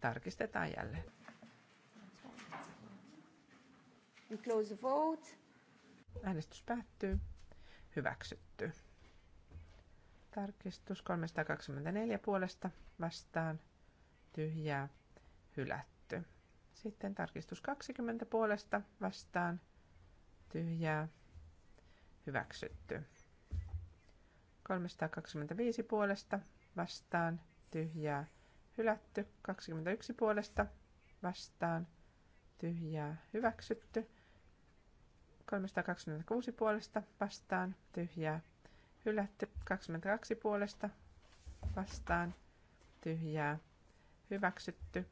Tarkistetaan jälleen. We close the vote. Äänestys päättyy. Hyväksytty. Tarkistus 324 puolesta vastaan tyhjää hylätty. Sitten tarkistus 20 puolesta vastaan tyhjää, hyväksytty. 325 puolesta vastaan, tyhjää, hylätty. 21 puolesta vastaan, tyhjää, hyväksytty. 326 puolesta vastaan, tyhjää, hylätty. 22 puolesta vastaan, tyhjää, hyväksytty.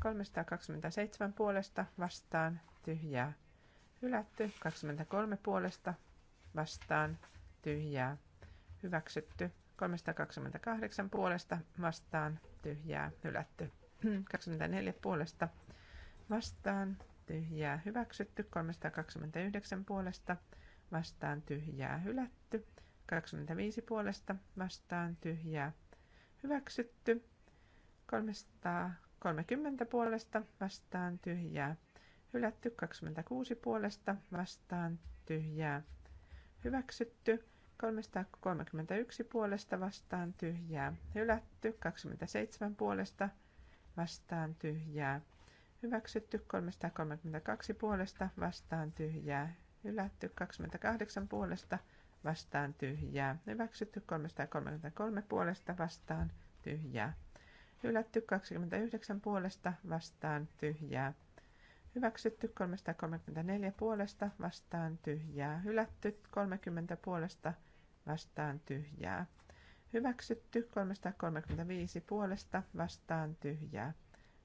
327 puolesta vastaan, tyhjää, Hylätty. 23 puolesta vastaan tyhjää. Hyväksytty. 328 puolesta vastaan tyhjää. Hylätty. 24 puolesta vastaan tyhjää. Hyväksytty. 329 puolesta vastaan tyhjää. Hylätty. 25 puolesta vastaan tyhjää. Hyväksytty. 330 puolesta vastaan tyhjää. Hylätty 26 puolesta vastaan tyhjää. Hyväksytty 331 puolesta vastaan tyhjää. Hylätty 27 puolesta vastaan tyhjää. Hyväksytty 332 puolesta vastaan tyhjää. Hylätty 28 puolesta vastaan tyhjää. Hyväksytty 333 puolesta vastaan tyhjää. Hylätty 29 puolesta vastaan tyhjää. Hyväksytty 334 puolesta vastaan tyhjää. Hylätty 30 puolesta vastaan tyhjää. Hyväksytty 335 puolesta vastaan tyhjää.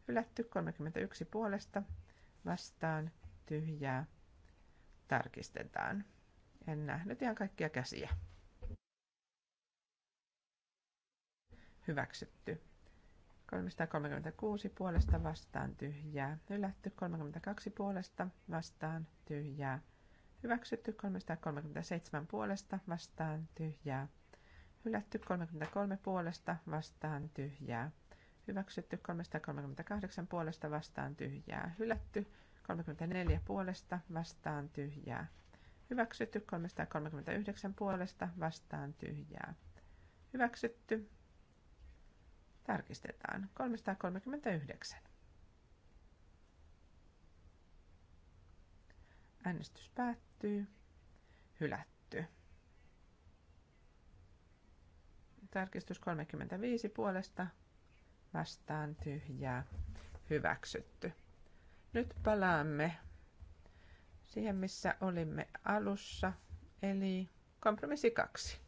Hylätty 31 puolesta vastaan tyhjää. Tarkistetaan. En nähnyt ihan kaikkia käsiä. Hyväksytty 336 puolesta vastaan tyhjää. Hylätty 32 puolesta vastaan tyhjää. Hyväksytty 337 puolesta vastaan tyhjää. Hylätty 33 puolesta vastaan tyhjää. Hyväksytty 338 puolesta vastaan tyhjää. Hylätty 34 puolesta vastaan tyhjää. Hyväksytty 339 puolesta vastaan tyhjää. Hyväksytty Tarkistetaan. 339. Äänestys päättyy. Hylätty. Tarkistus 35 puolesta. Vastaan tyhjää. Hyväksytty. Nyt palaamme siihen, missä olimme alussa, eli kompromissi 2.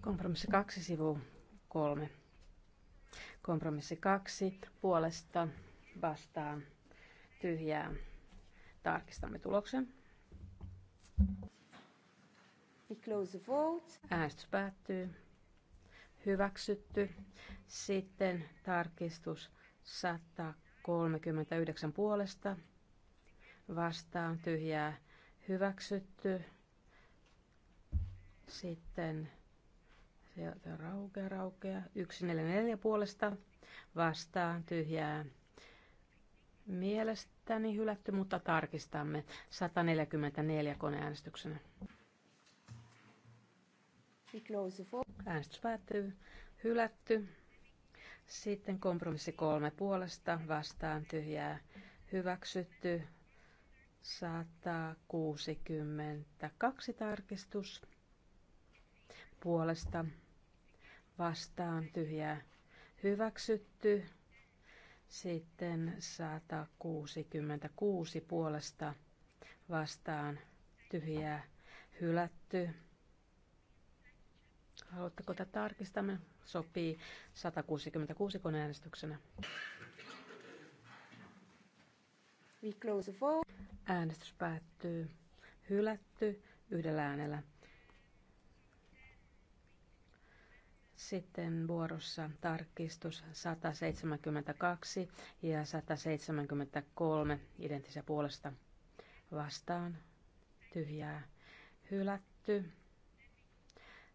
Kompromissi 2, sivu 3 Kompromissi kaksi puolesta vastaan tyhjää. Tarkistamme tuloksen. We close the vote. Äänestys päättyy. Hyväksytty. Sitten tarkistus 139 puolesta. Vastaan tyhjää. Hyväksytty. Sitten Tämä raukea, raukea. 144 puolesta vastaan tyhjää. Mielestäni hylätty, mutta tarkistamme 144 koneäänestyksenä. Äänestys päättyy. Hylätty. Sitten kompromissi kolme puolesta vastaan tyhjää. Hyväksytty. 162 tarkistus puolesta vastaan tyhjää hyväksytty. Sitten 166 puolesta vastaan tyhjää hylätty. Haluatteko tätä tarkistamme? Sopii 166 koneäänestyksenä. We close the Äänestys päättyy. Hylätty yhdellä äänellä. Sitten vuorossa tarkistus 172 ja 173 identtisiä puolesta vastaan tyhjää hylätty.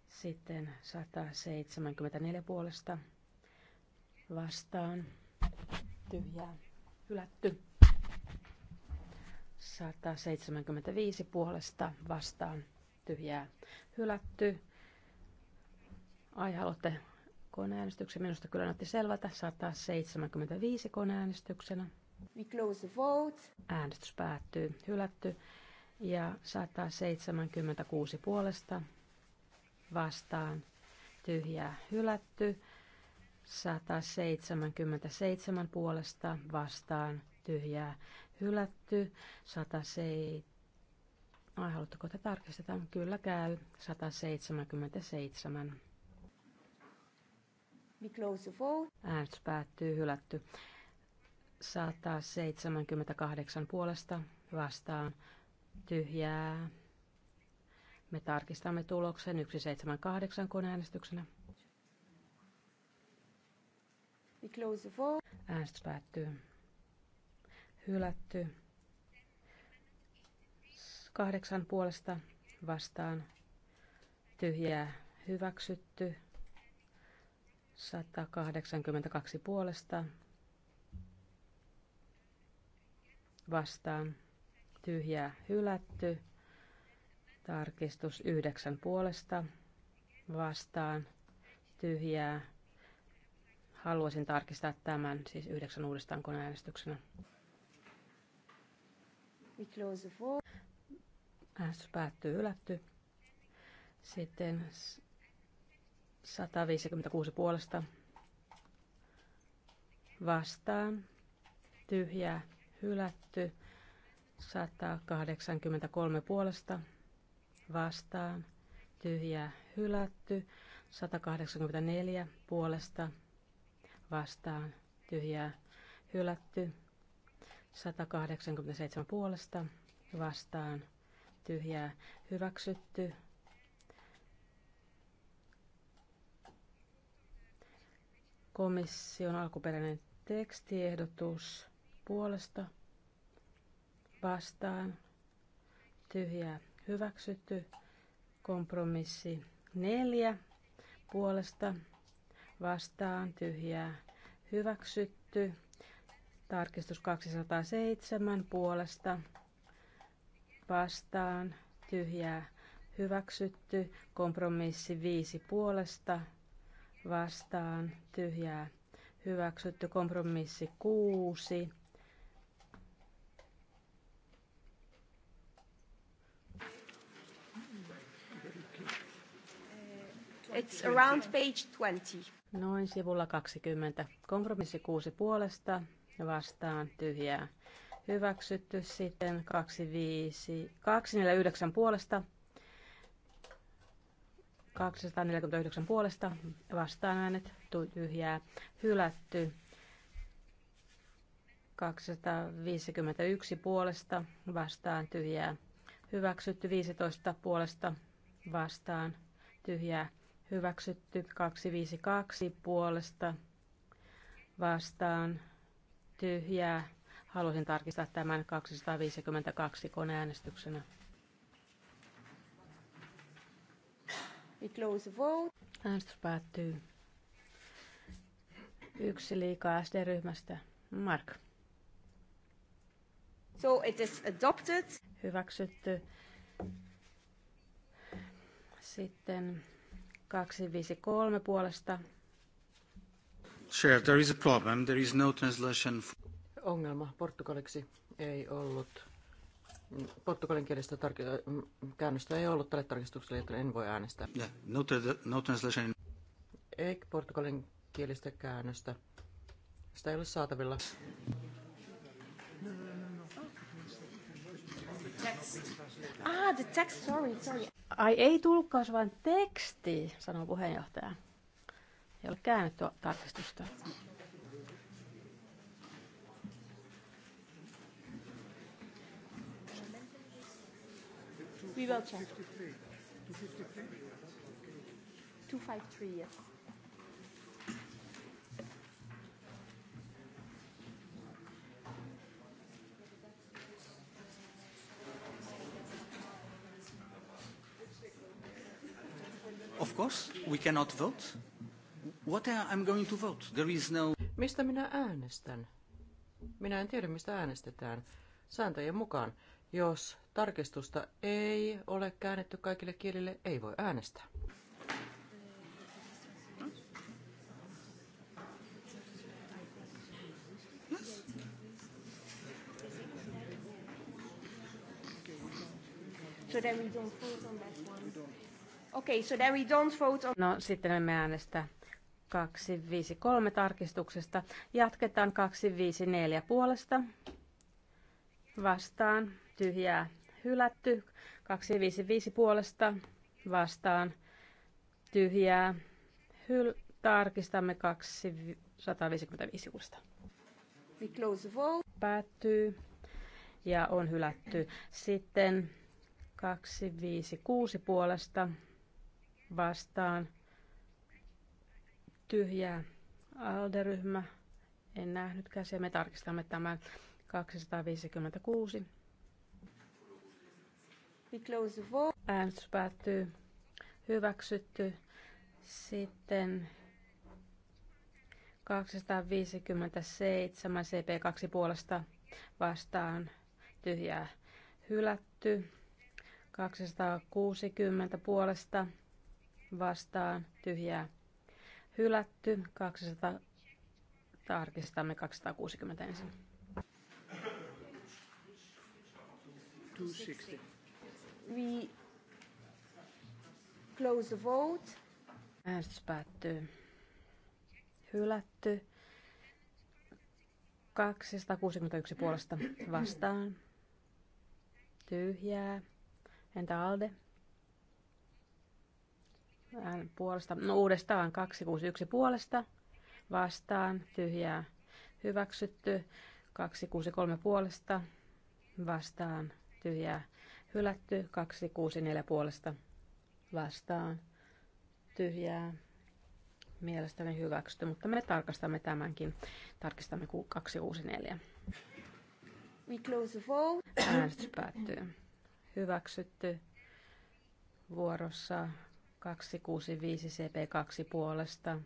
Sitten 174 puolesta vastaan tyhjää hylätty. 175 puolesta vastaan tyhjää hylätty. Ai, haluatte koneäänestyksen? Minusta kyllä näytti selvältä. 175 koneäänestyksenä. We close the vote. Äänestys päättyy. Hylätty. Ja 176 puolesta vastaan tyhjää hylätty. 177 puolesta vastaan tyhjää hylätty. 107 Ai, haluatteko, että tarkistetaan? Kyllä käy. 177. We close the vote. Äänestys päättyy, hylätty. 178 puolesta vastaan tyhjää. Me tarkistamme tuloksen 178 koneäänestyksenä. We close the vote. Äänestys päättyy. Hylätty. Kahdeksan puolesta vastaan tyhjää hyväksytty. 182 puolesta vastaan tyhjää hylätty. Tarkistus 9 puolesta vastaan tyhjää. Haluaisin tarkistaa tämän, siis yhdeksän uudestaan koneäänestyksenä. Äänestys päättyy hylätty. Sitten 156 puolesta vastaan, tyhjä hylätty, 183 puolesta vastaan, tyhjä hylätty, 184 puolesta vastaan, tyhjä hylätty, 187 puolesta vastaan, tyhjää hyväksytty, Komission alkuperäinen tekstiehdotus puolesta vastaan tyhjää hyväksytty. Kompromissi neljä puolesta vastaan tyhjää hyväksytty. Tarkistus 207 puolesta vastaan tyhjää hyväksytty. Kompromissi 5 puolesta vastaan tyhjää hyväksytty. Kompromissi 6 It's around page 20. Noin sivulla 20. Kompromissi 6 puolesta ja vastaan tyhjää. Hyväksytty sitten 25, 249 puolesta 249 puolesta vastaan äänet tyhjää hylätty. 251 puolesta vastaan tyhjää hyväksytty. 15 puolesta vastaan tyhjää hyväksytty. 252 puolesta vastaan tyhjää. Haluaisin tarkistaa tämän 252 koneäänestyksenä. We close the vote. Äänestys päättyy. Yksi liikaa SD-ryhmästä. Mark. So it is adopted. Hyväksytty. Sitten 253 puolesta. Chair, there is a problem. There is no translation. Ongelma portugaliksi ei ollut Portugalin kielestä mm, käännöstä ei ollut tälle tarkistukselle, joten en voi äänestää. Yeah, no, no translation. Ei portugalin kielistä käännöstä. Sitä ei ole saatavilla. ah, the text, sorry, sorry. Ai ei tulkkaus, vaan teksti, sanoo puheenjohtaja. Ei ole käännetty tarkistusta. We will check. 253. yes. Of course, we cannot vote. What I'm going to vote? There is no... Mistä minä äänestän? Minä en tiedä, mistä äänestetään. Sääntöjen mukaan jos tarkistusta ei ole käännetty kaikille kielille, ei voi äänestää. So then we don't vote on that one. Okay, so then we don't vote on... No sitten emme äänestä 253 tarkistuksesta. Jatketaan 254 puolesta. Vastaan tyhjää hylätty. 255 puolesta vastaan tyhjää. Hyl- tarkistamme 255 uudesta. We close vote. Päättyy ja on hylätty. Sitten 256 puolesta vastaan tyhjää alderyhmä. En nähnyt käsiä. Me tarkistamme tämän 256. We the Äänestys päättyy. Hyväksytty. Sitten 257 CP2 puolesta vastaan tyhjää hylätty. 260 puolesta vastaan tyhjää hylätty. 200, tarkistamme 260 ensin. 260. We close the vote. Äänestys päättyy. Hylätty. 261 puolesta vastaan. Tyhjää. Entä Alde? Äänestys puolesta. No uudestaan 261 puolesta vastaan. Tyhjää. Hyväksytty. 263 puolesta vastaan. Tyhjää Hylätty 264 puolesta vastaan. Tyhjää. Mielestäni hyväksytty, mutta me tarkastamme tämänkin. Tarkistamme 264. Äänestys päättyy. Hyväksytty vuorossa 265 CP2 puolesta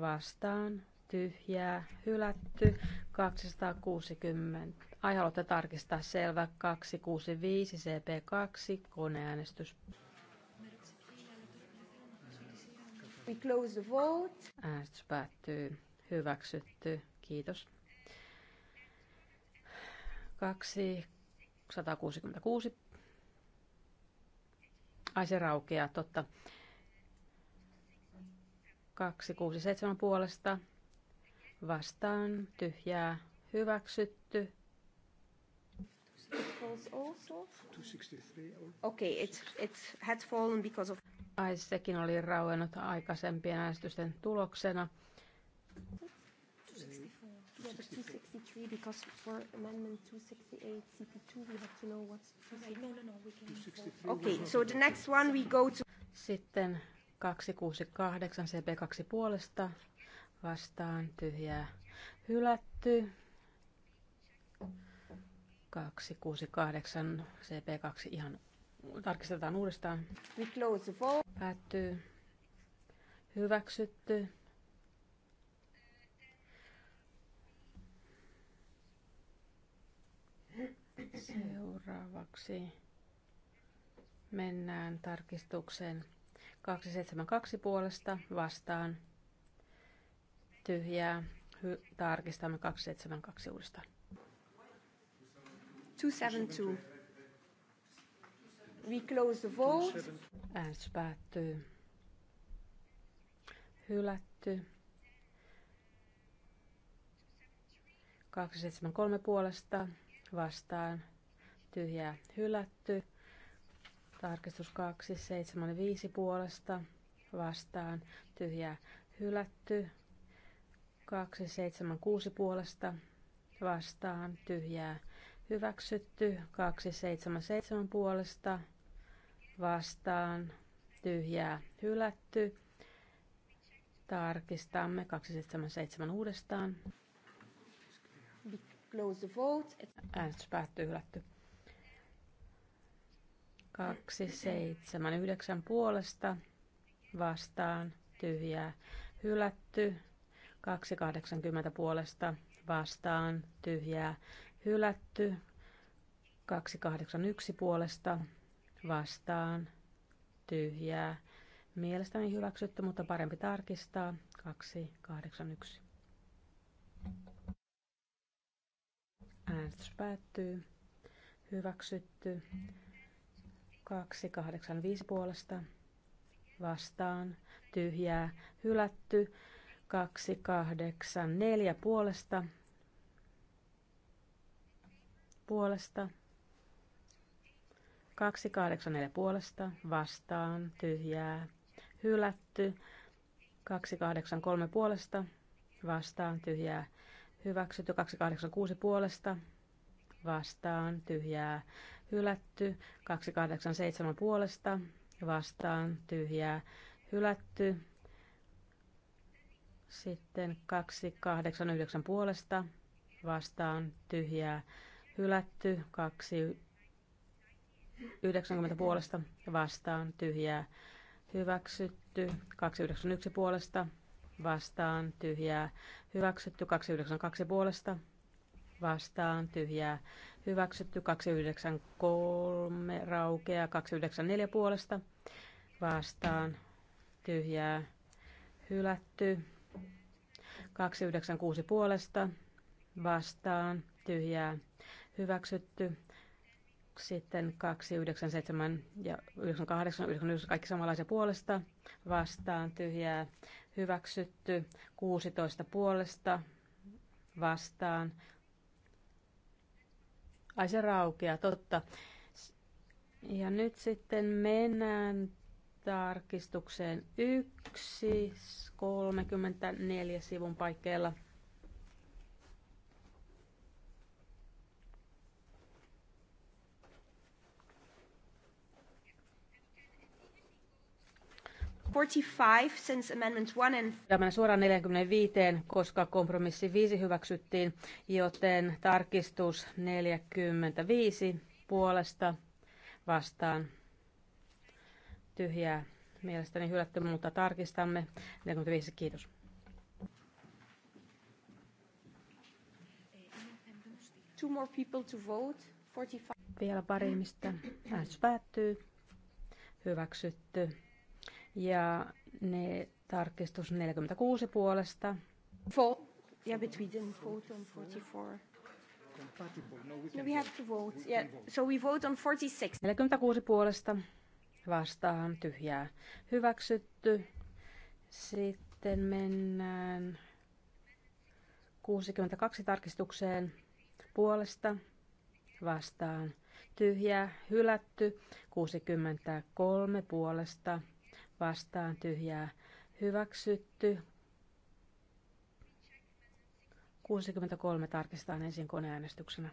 vastaan tyhjää hylätty 260 Ai haluatte tarkistaa selvä 265 CP2 koneäänestys. We close the vote. Äänestys päättyy. Hyväksytty. Kiitos. 266. Ai se raukeaa, totta. 267 puolesta vastaan tyhjää hyväksytty falls also? 263. Okei, okay, it, it had fallen because of... Ai, sekin oli rauennut aikaisempien äänestysten tuloksena. 268 no, no, no, Okay, so the next one we go to... Sitten 268 CP2 puolesta vastaan tyhjää hylätty. 268 CP2 ihan tarkistetaan uudestaan. We close the Päättyy. Hyväksytty. Seuraavaksi mennään tarkistukseen 272 puolesta vastaan tyhjää. Hy- tarkistamme 272 uudestaan. 272. We close the vote. Äänestys päättyy. Hylätty. 273 puolesta vastaan tyhjää hylätty. Tarkistus 275 puolesta vastaan tyhjää hylätty. 276 puolesta vastaan tyhjää Hyväksytty 277 puolesta vastaan tyhjää hylätty. Tarkistamme 277 uudestaan. Close the vote. Äänestys päättyy hylätty. 279 puolesta vastaan tyhjää hylätty. 280 puolesta vastaan tyhjää hylätty. 281 puolesta vastaan tyhjää. Mielestäni hyväksytty, mutta parempi tarkistaa. 281. Äänestys päättyy. Hyväksytty. 285 puolesta vastaan tyhjää hylätty. 284 puolesta puolesta. 284 puolesta vastaan tyhjää hylätty. 283 puolesta vastaan tyhjää hyväksytty. 286 puolesta vastaan tyhjää hylätty. 287 puolesta vastaan tyhjää hylätty. Sitten 289 puolesta vastaan tyhjää hylätty, kaksi 90 puolesta vastaan, tyhjää, hyväksytty, 291 puolesta vastaan, tyhjää, hyväksytty, 292 puolesta vastaan, tyhjää, hyväksytty, 293 raukea, 294 puolesta vastaan, tyhjää, hylätty, 296 puolesta vastaan, tyhjää, hyväksytty. Sitten 2, 9, 7 ja 9, 8, 9, 9, kaikki samanlaisia puolesta vastaan tyhjää hyväksytty. 16 puolesta vastaan. Ai se raukea, totta. Ja nyt sitten mennään tarkistukseen 1, 34 sivun paikkeilla – 45 suoraan 45, koska kompromissi 5 hyväksyttiin, joten tarkistus 45 puolesta vastaan tyhjää. Mielestäni hylätty, mutta tarkistamme. 45, kiitos. Two more people to vote. 45. Vielä pari ihmistä. Äänestys päättyy. Hyväksytty. Ja ne tarkistus 46 puolesta. Four. Yeah, but we didn't vote on 44. No, we, no, we have to vote. We yeah. So we vote on 46. 46 puolesta vastaan tyhjää hyväksytty. Sitten mennään 62 tarkistukseen puolesta vastaan tyhjää hylätty. 63 puolesta vastaan tyhjää hyväksytty. 63 tarkistetaan ensin koneäänestyksenä.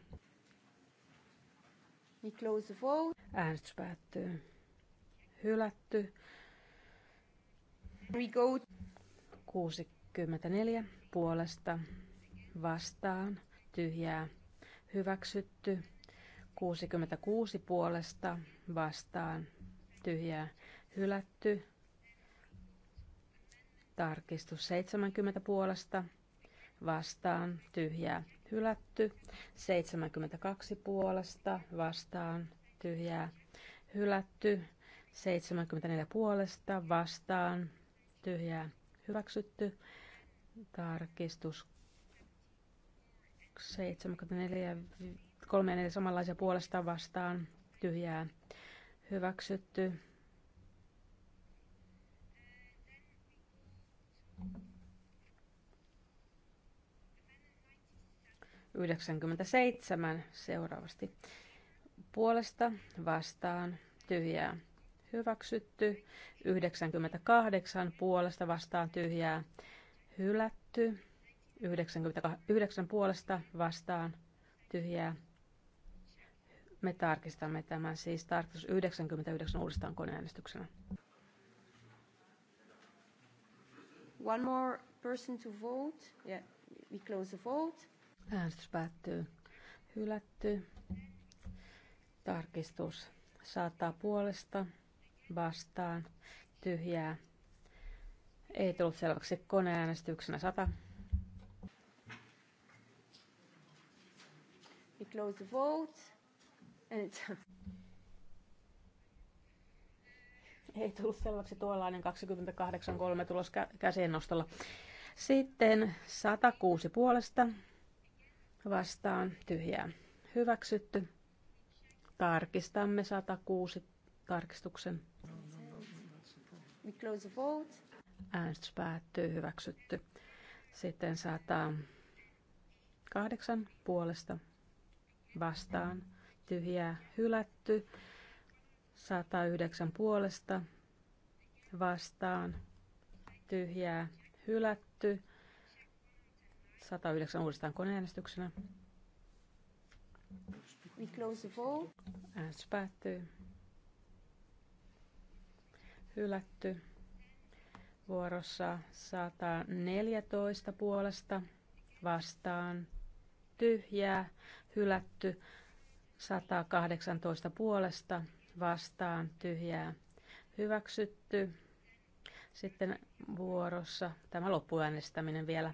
Äänestys päättyy. Hylätty. 64 puolesta vastaan tyhjää hyväksytty. 66 puolesta vastaan tyhjää hylätty. Tarkistus 70 puolesta vastaan tyhjää hylätty. 72 puolesta vastaan tyhjää hylätty. 74 puolesta vastaan tyhjää hyväksytty. Tarkistus 74, 3 ja 4 samanlaisia puolesta vastaan tyhjää hyväksytty. 97 seuraavasti. Puolesta vastaan tyhjää hyväksytty. 98 puolesta vastaan tyhjää hylätty. 99 puolesta vastaan tyhjää. Me tarkistamme tämän siis tarkistus 99 uudestaan koneäänestyksenä. One more person to vote. Yeah, we close the vote. Äänestys päättyy. Hylätty. Tarkistus. Saattaa puolesta vastaan. Tyhjää. Ei tullut selväksi koneäänestyksenä 100. We close the vote. And it's... Ei tullut selväksi tuollainen 28.3 tulos kä- käsien nostolla. Sitten 106 puolesta vastaan tyhjää hyväksytty. Tarkistamme 106 tarkistuksen. We close the vote. Äänestys päättyy hyväksytty. Sitten 108 puolesta vastaan tyhjää hylätty. 109 puolesta vastaan tyhjää hylätty. 109 uudestaan koneäänestyksenä. We close the vote. Äänestys päättyy. Hylätty. Vuorossa 114 puolesta vastaan. Tyhjää. Hylätty. 118 puolesta vastaan. Tyhjää. Hyväksytty. Sitten vuorossa tämä loppuäänestäminen vielä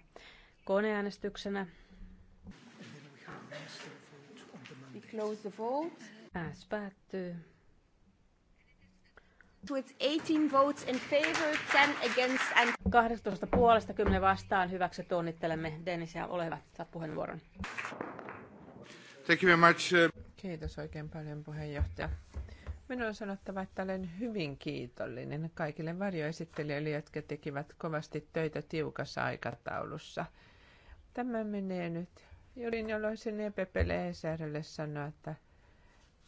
koneäänestyksenä. We close the vote. päättyy. With 18 votes in favor, 10 against and... 12 puolesta 10 vastaan hyväksytty onnittelemme Dennis ja ole hyvä, saat puheenvuoron. Thank you very much. Uh, Kiitos oikein paljon puheenjohtaja. Minun on sanottava, että olen hyvin kiitollinen kaikille varjoesittelijöille, jotka tekivät kovasti töitä tiukassa aikataulussa – Tämä menee nyt. Jurin jaloisen Pepe ESRlle sanoa, että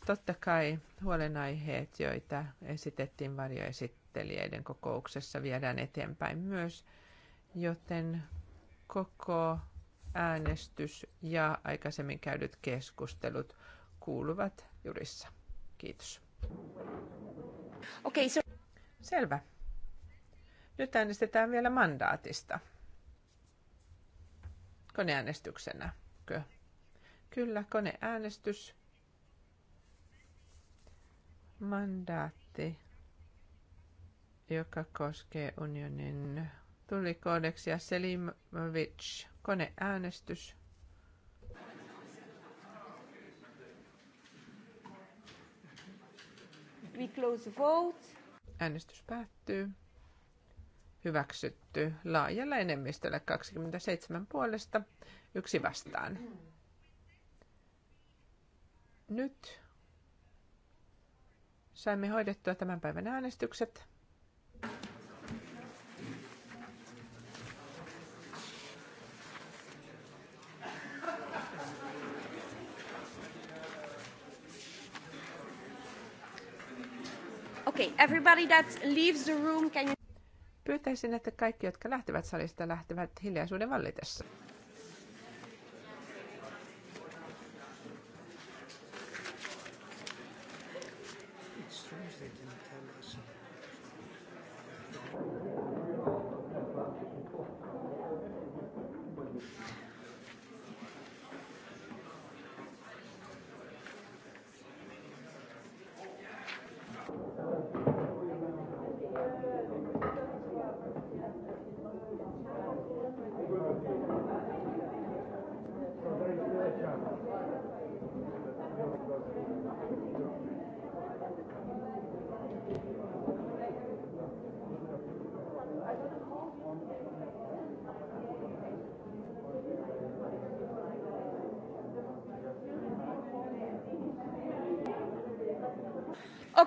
totta kai huolenaiheet, joita esitettiin varjoesittelijöiden kokouksessa, viedään eteenpäin myös, joten koko äänestys ja aikaisemmin käydyt keskustelut kuuluvat jurissa. Kiitos. Okei, okay, so... Selvä. Nyt äänestetään vielä mandaatista. Koneäänestyksenä. Kyllä, koneäänestys. Mandaatti, joka koskee unionin tulikoodeksi ja Selimovic koneäänestys. We close the vote. Äänestys päättyy hyväksytty laajalla enemmistöllä 27 puolesta, yksi vastaan. Nyt saimme hoidettua tämän päivän äänestykset. Okay, everybody that leaves the room, can you... Pyytäisin, että kaikki, jotka lähtevät salista, lähtevät hiljaisuuden vallitessa.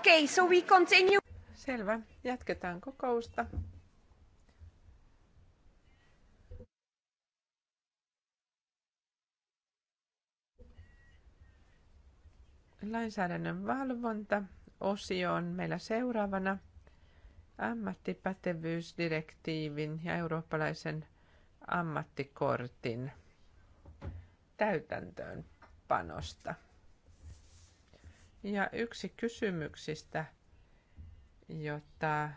Okay, so we continue. Selvä. Jatketaan kokousta. Lainsäädännön valvonta osio on meillä seuraavana ammattipätevyysdirektiivin ja eurooppalaisen ammattikortin täytäntöönpanosta. panosta. Ja yksi kysymyksistä, jota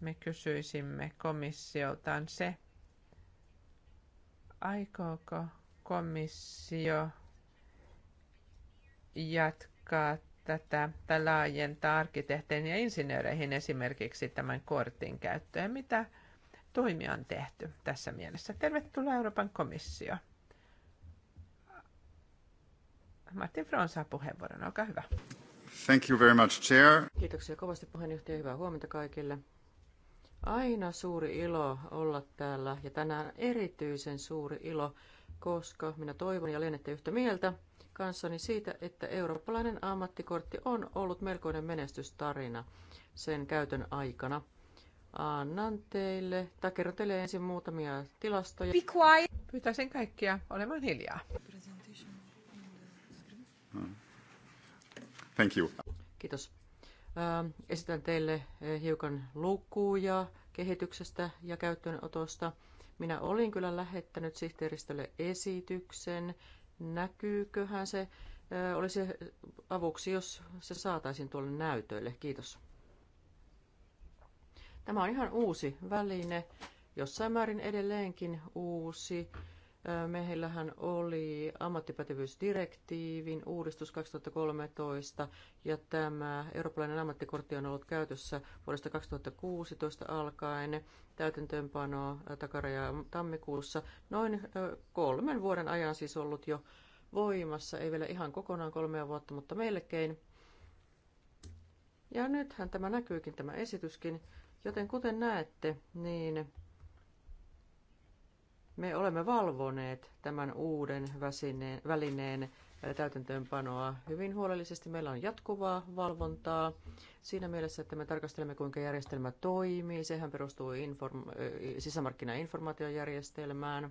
me kysyisimme komissiolta on se, aikooko komissio jatkaa tätä tai laajentaa arkkitehteihin ja insinööreihin esimerkiksi tämän kortin käyttöä. Mitä toimia on tehty tässä mielessä? Tervetuloa Euroopan komissio. Martin Fronsa puheenvuoron, olkaa hyvä. Thank you very much, Chair. Kiitoksia kovasti puheenjohtaja. Hyvää huomenta kaikille. Aina suuri ilo olla täällä ja tänään erityisen suuri ilo, koska minä toivon ja lienette yhtä mieltä kanssani siitä, että eurooppalainen ammattikortti on ollut melkoinen menestystarina sen käytön aikana. Annan teille, tai kerron teille ensin muutamia tilastoja. Pyytäisin kaikkia olemaan hiljaa. Thank you. Kiitos. Esitän teille hiukan lukuja kehityksestä ja käyttöönotosta. Minä olin kyllä lähettänyt sihteeristölle esityksen. Näkyyköhän se? Olisi avuksi, jos se saataisiin tuolle näytöille. Kiitos. Tämä on ihan uusi väline, jossain määrin edelleenkin uusi. Meillähän oli ammattipätevyysdirektiivin uudistus 2013 ja tämä eurooppalainen ammattikortti on ollut käytössä vuodesta 2016 alkaen täytäntöönpano takaraja tammikuussa. Noin kolmen vuoden ajan siis ollut jo voimassa, ei vielä ihan kokonaan kolmea vuotta, mutta melkein. Ja nythän tämä näkyykin, tämä esityskin, joten kuten näette, niin me olemme valvoneet tämän uuden väsineen, välineen täytäntöönpanoa hyvin huolellisesti. Meillä on jatkuvaa valvontaa siinä mielessä, että me tarkastelemme, kuinka järjestelmä toimii. Sehän perustuu inform- sisämarkkinainformaatiojärjestelmään.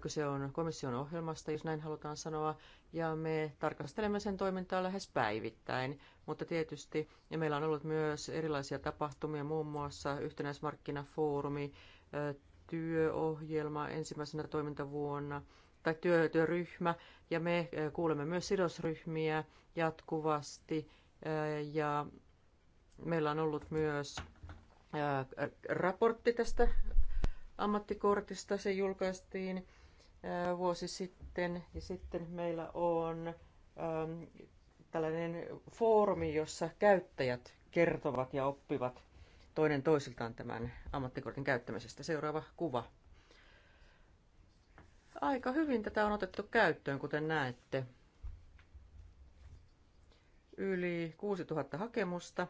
Kyse on komission ohjelmasta, jos näin halutaan sanoa, ja me tarkastelemme sen toimintaa lähes päivittäin. Mutta tietysti ja meillä on ollut myös erilaisia tapahtumia, muun muassa yhtenäismarkkinafoorumi, työohjelma ensimmäisenä toimintavuonna tai työryhmä ja me kuulemme myös sidosryhmiä jatkuvasti ja meillä on ollut myös raportti tästä ammattikortista, se julkaistiin vuosi sitten ja sitten meillä on tällainen foorumi, jossa käyttäjät kertovat ja oppivat toinen toisiltaan tämän ammattikortin käyttämisestä. Seuraava kuva. Aika hyvin tätä on otettu käyttöön, kuten näette. Yli 6000 hakemusta.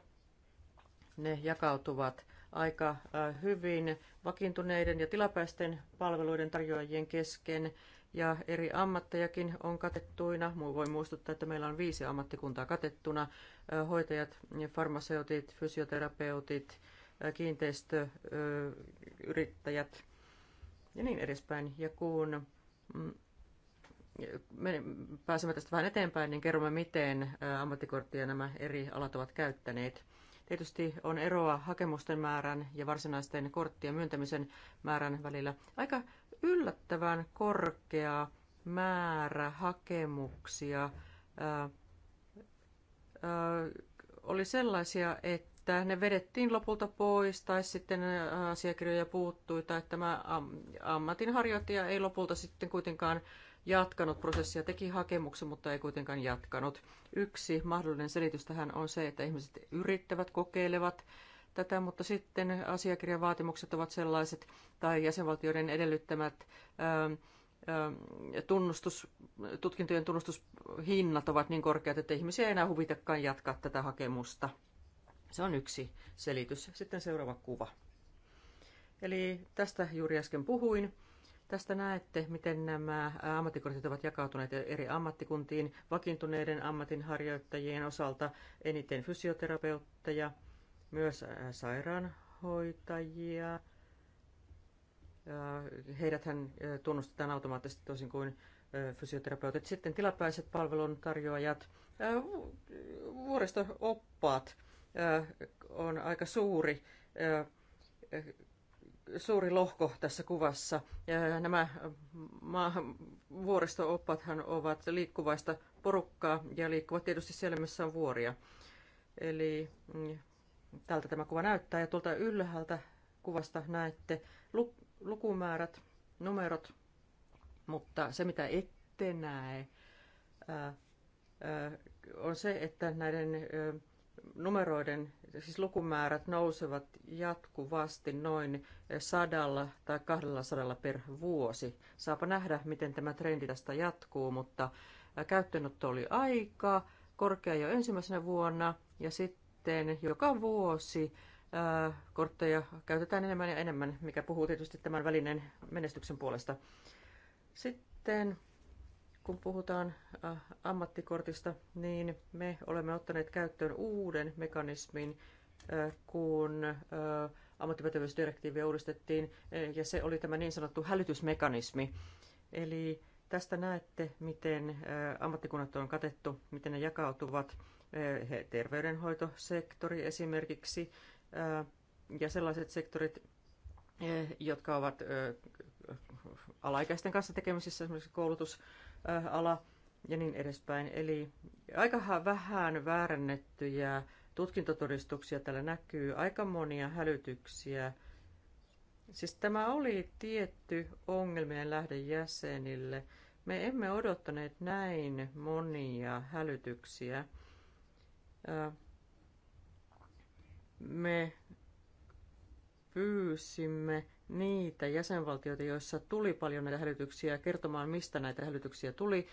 Ne jakautuvat aika äh, hyvin vakiintuneiden ja tilapäisten palveluiden tarjoajien kesken ja eri ammattejakin on katettuina. Voi muistuttaa, että meillä on viisi ammattikuntaa katettuna. Äh, hoitajat, farmaseutit, fysioterapeutit, kiinteistöyrittäjät ja niin edespäin. Ja kun mm, me pääsemme tästä vähän eteenpäin, niin kerromme, miten ammattikorttia nämä eri alat ovat käyttäneet. Tietysti on eroa hakemusten määrän ja varsinaisten korttien myöntämisen määrän välillä. Aika yllättävän korkea määrä hakemuksia ää, ää, oli sellaisia, että että ne vedettiin lopulta pois tai sitten äh, asiakirjoja puuttui tai että tämä ammatinharjoittaja ei lopulta sitten kuitenkaan jatkanut prosessia, teki hakemuksen, mutta ei kuitenkaan jatkanut. Yksi mahdollinen selitys tähän on se, että ihmiset yrittävät, kokeilevat tätä, mutta sitten asiakirjan vaatimukset ovat sellaiset tai jäsenvaltioiden edellyttämät ähm, ähm, tunnustus, tutkintojen tunnustushinnat ovat niin korkeat, että ihmisiä ei enää huvitakaan jatkaa tätä hakemusta. Se on yksi selitys. Sitten seuraava kuva. Eli tästä juuri äsken puhuin. Tästä näette, miten nämä ammattikortit ovat jakautuneet eri ammattikuntiin, vakiintuneiden ammatinharjoittajien osalta eniten fysioterapeutteja, myös äh, sairaanhoitajia. Heidäthän äh, tunnustetaan automaattisesti toisin kuin äh, fysioterapeutit. Sitten tilapäiset palveluntarjoajat, vuoristo-oppaat, on aika suuri, suuri lohko tässä kuvassa. Nämä vuoristoopathan ovat liikkuvaista porukkaa ja liikkuvat tietysti siellä, missä on vuoria. Eli mm, tältä tämä kuva näyttää ja tuolta ylhäältä kuvasta näette lukumäärät, numerot, mutta se mitä ette näe on se, että näiden numeroiden, siis lukumäärät nousevat jatkuvasti noin sadalla tai kahdella sadalla per vuosi. Saapa nähdä, miten tämä trendi tästä jatkuu, mutta käyttöönotto oli aika korkea jo ensimmäisenä vuonna ja sitten joka vuosi äh, kortteja käytetään enemmän ja enemmän, mikä puhuu tietysti tämän välineen menestyksen puolesta. Sitten kun puhutaan äh, ammattikortista, niin me olemme ottaneet käyttöön uuden mekanismin, äh, kun äh, ammattipätevyysdirektiiviä uudistettiin, ja se oli tämä niin sanottu hälytysmekanismi. Eli tästä näette, miten ammattikunnat on katettu, miten ne jakautuvat. Terveydenhoitosektori esimerkiksi ja sellaiset sektorit, jotka ovat alaikäisten kanssa tekemisissä, esimerkiksi koulutus, Äh, ala ja niin edespäin. Eli aika vähän väärännettyjä tutkintotodistuksia täällä näkyy, aika monia hälytyksiä. Siis tämä oli tietty ongelmien lähde jäsenille. Me emme odottaneet näin monia hälytyksiä. Äh, me pyysimme niitä jäsenvaltioita, joissa tuli paljon näitä hälytyksiä, kertomaan, mistä näitä hälytyksiä tuli.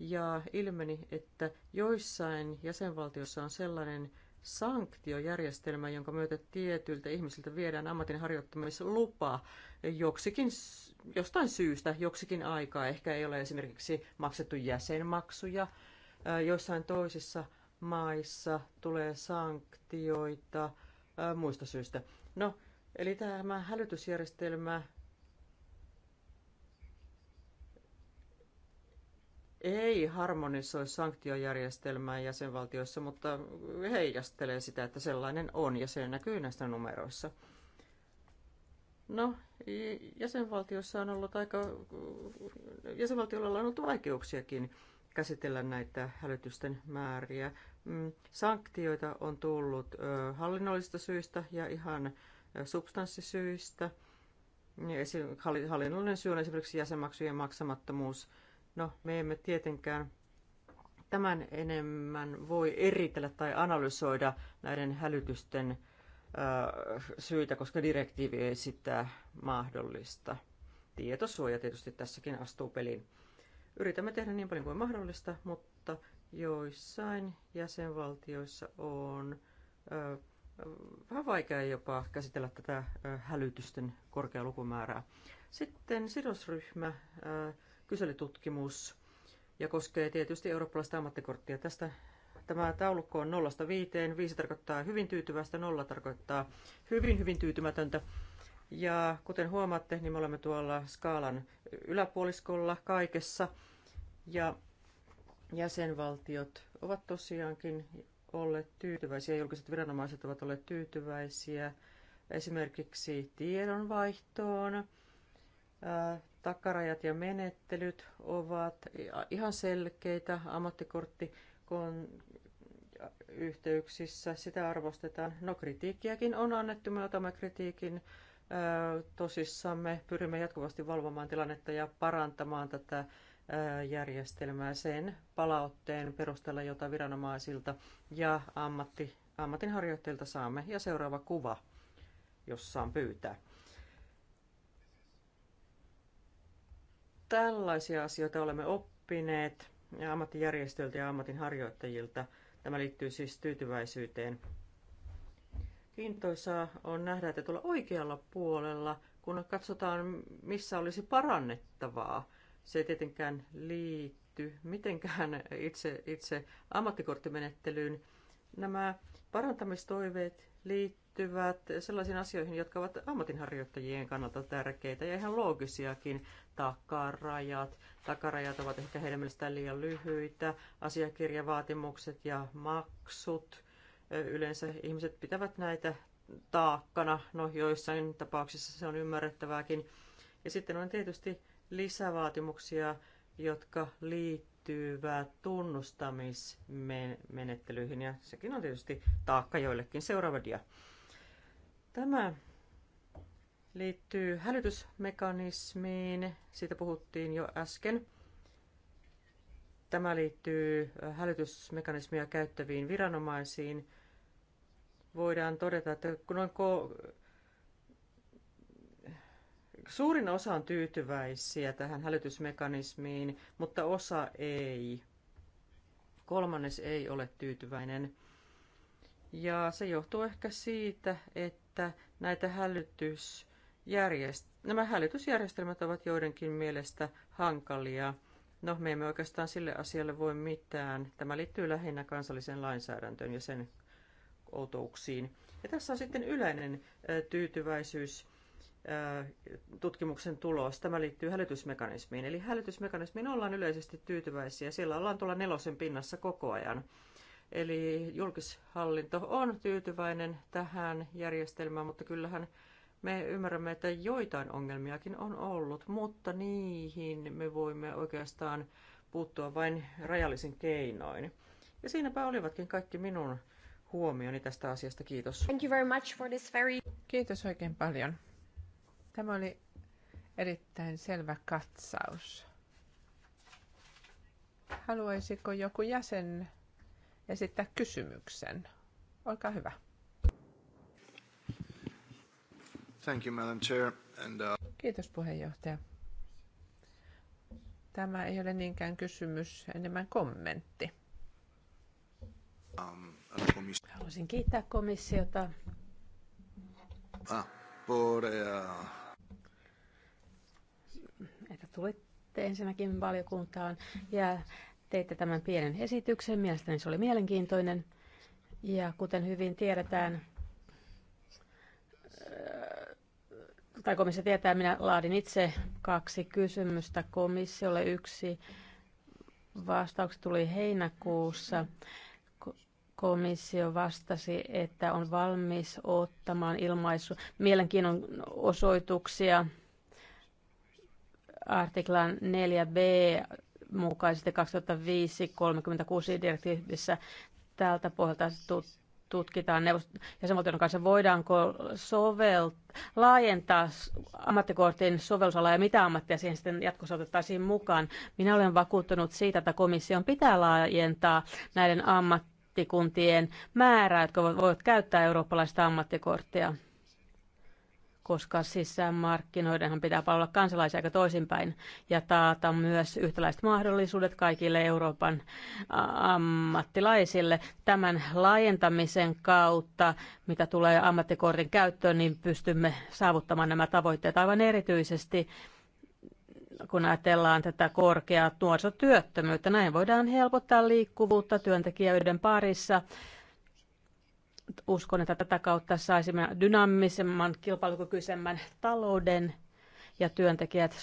Ja ilmeni, että joissain jäsenvaltioissa on sellainen sanktiojärjestelmä, jonka myötä tietyiltä ihmisiltä viedään ammatin harjoittamislupa joksikin, jostain syystä, joksikin aikaa. Ehkä ei ole esimerkiksi maksettu jäsenmaksuja. Joissain toisissa maissa tulee sanktioita muista syistä. No, Eli tämä hälytysjärjestelmä ei harmonisoi sanktiojärjestelmää jäsenvaltioissa, mutta heijastelee sitä, että sellainen on ja se näkyy näissä numeroissa. No, jäsenvaltiossa on ollut aika, jäsenvaltiolla on ollut vaikeuksiakin käsitellä näitä hälytysten määriä. Mm, sanktioita on tullut hallinnollisista syistä ja ihan substanssisyistä. Hallinnollinen syy on esimerkiksi jäsenmaksujen maksamattomuus. No, me emme tietenkään tämän enemmän voi eritellä tai analysoida näiden hälytysten syitä, koska direktiivi ei sitä mahdollista. Tietosuoja tietysti tässäkin astuu peliin. Yritämme tehdä niin paljon kuin mahdollista, mutta joissain jäsenvaltioissa on vähän vaikea jopa käsitellä tätä hälytysten korkea lukumäärää. Sitten sidosryhmä, kyselytutkimus ja koskee tietysti eurooppalaista ammattikorttia. Tästä tämä taulukko on 0 viiteen. Viisi tarkoittaa hyvin tyytyväistä, nolla tarkoittaa hyvin, hyvin tyytymätöntä. Ja kuten huomaatte, niin me olemme tuolla skaalan yläpuoliskolla kaikessa. Ja jäsenvaltiot ovat tosiaankin olleet tyytyväisiä, julkiset viranomaiset ovat olleet tyytyväisiä esimerkiksi tiedonvaihtoon. Takarajat ja menettelyt ovat ihan selkeitä ammattikortti yhteyksissä. Sitä arvostetaan. No kritiikkiäkin on annettu, me otamme kritiikin tosissamme. Pyrimme jatkuvasti valvomaan tilannetta ja parantamaan tätä järjestelmää sen palautteen perusteella, jota viranomaisilta ja ammatti, ammatinharjoittajilta saamme. Ja seuraava kuva, jos saan pyytää. Tällaisia asioita olemme oppineet ammattijärjestöiltä ja ammatinharjoittajilta. Tämä liittyy siis tyytyväisyyteen. Kiintoisaa on nähdä, että tuolla oikealla puolella, kun katsotaan, missä olisi parannettavaa – se ei tietenkään liitty mitenkään itse, itse ammattikorttimenettelyyn. Nämä parantamistoiveet liittyvät sellaisiin asioihin, jotka ovat ammatinharjoittajien kannalta tärkeitä ja ihan loogisiakin. Takarajat. Takarajat ovat ehkä heidän mielestään liian lyhyitä. Asiakirjavaatimukset ja maksut. Yleensä ihmiset pitävät näitä taakkana. No joissain tapauksissa se on ymmärrettävääkin. Ja sitten on tietysti lisävaatimuksia, jotka liittyvät tunnustamismenettelyihin, ja sekin on tietysti taakka joillekin. Seuraava dia. Tämä liittyy hälytysmekanismiin, siitä puhuttiin jo äsken. Tämä liittyy hälytysmekanismia käyttäviin viranomaisiin. Voidaan todeta, että noin Suurin osa on tyytyväisiä tähän hälytysmekanismiin, mutta osa ei. Kolmannes ei ole tyytyväinen. Ja se johtuu ehkä siitä, että näitä hälytysjärjest- nämä hälytysjärjestelmät ovat joidenkin mielestä hankalia. No, me emme oikeastaan sille asialle voi mitään. Tämä liittyy lähinnä kansalliseen lainsäädäntöön ja sen outouksiin. Ja tässä on sitten yleinen tyytyväisyys tutkimuksen tulos. Tämä liittyy hälytysmekanismiin. Eli hälytysmekanismiin ollaan yleisesti tyytyväisiä. Siellä ollaan tuolla nelosen pinnassa koko ajan. Eli julkishallinto on tyytyväinen tähän järjestelmään, mutta kyllähän me ymmärrämme, että joitain ongelmiakin on ollut, mutta niihin me voimme oikeastaan puuttua vain rajallisin keinoin. Ja siinäpä olivatkin kaikki minun huomioni tästä asiasta. Kiitos. Thank you very much for this very... Kiitos oikein paljon Tämä oli erittäin selvä katsaus. Haluaisiko joku jäsen esittää kysymyksen? Olkaa hyvä. Thank you, Madam Chair. And, uh... Kiitos puheenjohtaja. Tämä ei ole niinkään kysymys, enemmän kommentti. Um, Haluaisin kiittää komissiota. Ah, por, uh tulitte ensinnäkin valiokuntaan ja teitte tämän pienen esityksen. Mielestäni se oli mielenkiintoinen. Ja kuten hyvin tiedetään, äh, tai komissio tietää, minä laadin itse kaksi kysymystä komissiolle. Yksi vastaus tuli heinäkuussa. Komissio vastasi, että on valmis ottamaan ilmaisu mielenkiinnon osoituksia artiklan 4b mukaisesti 2005-36 direktiivissä tältä pohjalta tutkitaan neuvoston jäsenvaltion kanssa, voidaanko sovelt- laajentaa ammattikortin sovellusalaa ja mitä ammattia siihen sitten jatkossa otettaisiin mukaan. Minä olen vakuuttunut siitä, että komission pitää laajentaa näiden ammattikuntien määrää, jotka voivat käyttää eurooppalaista ammattikorttia koska markkinoidenhan pitää palvella kansalaisia aika toisinpäin ja taata myös yhtäläiset mahdollisuudet kaikille Euroopan ammattilaisille. Tämän laajentamisen kautta, mitä tulee ammattikortin käyttöön, niin pystymme saavuttamaan nämä tavoitteet aivan erityisesti kun ajatellaan tätä korkeaa nuorisotyöttömyyttä. Näin voidaan helpottaa liikkuvuutta työntekijöiden parissa uskon, että tätä kautta saisimme dynaamisemman, kilpailukykyisemmän talouden ja työntekijät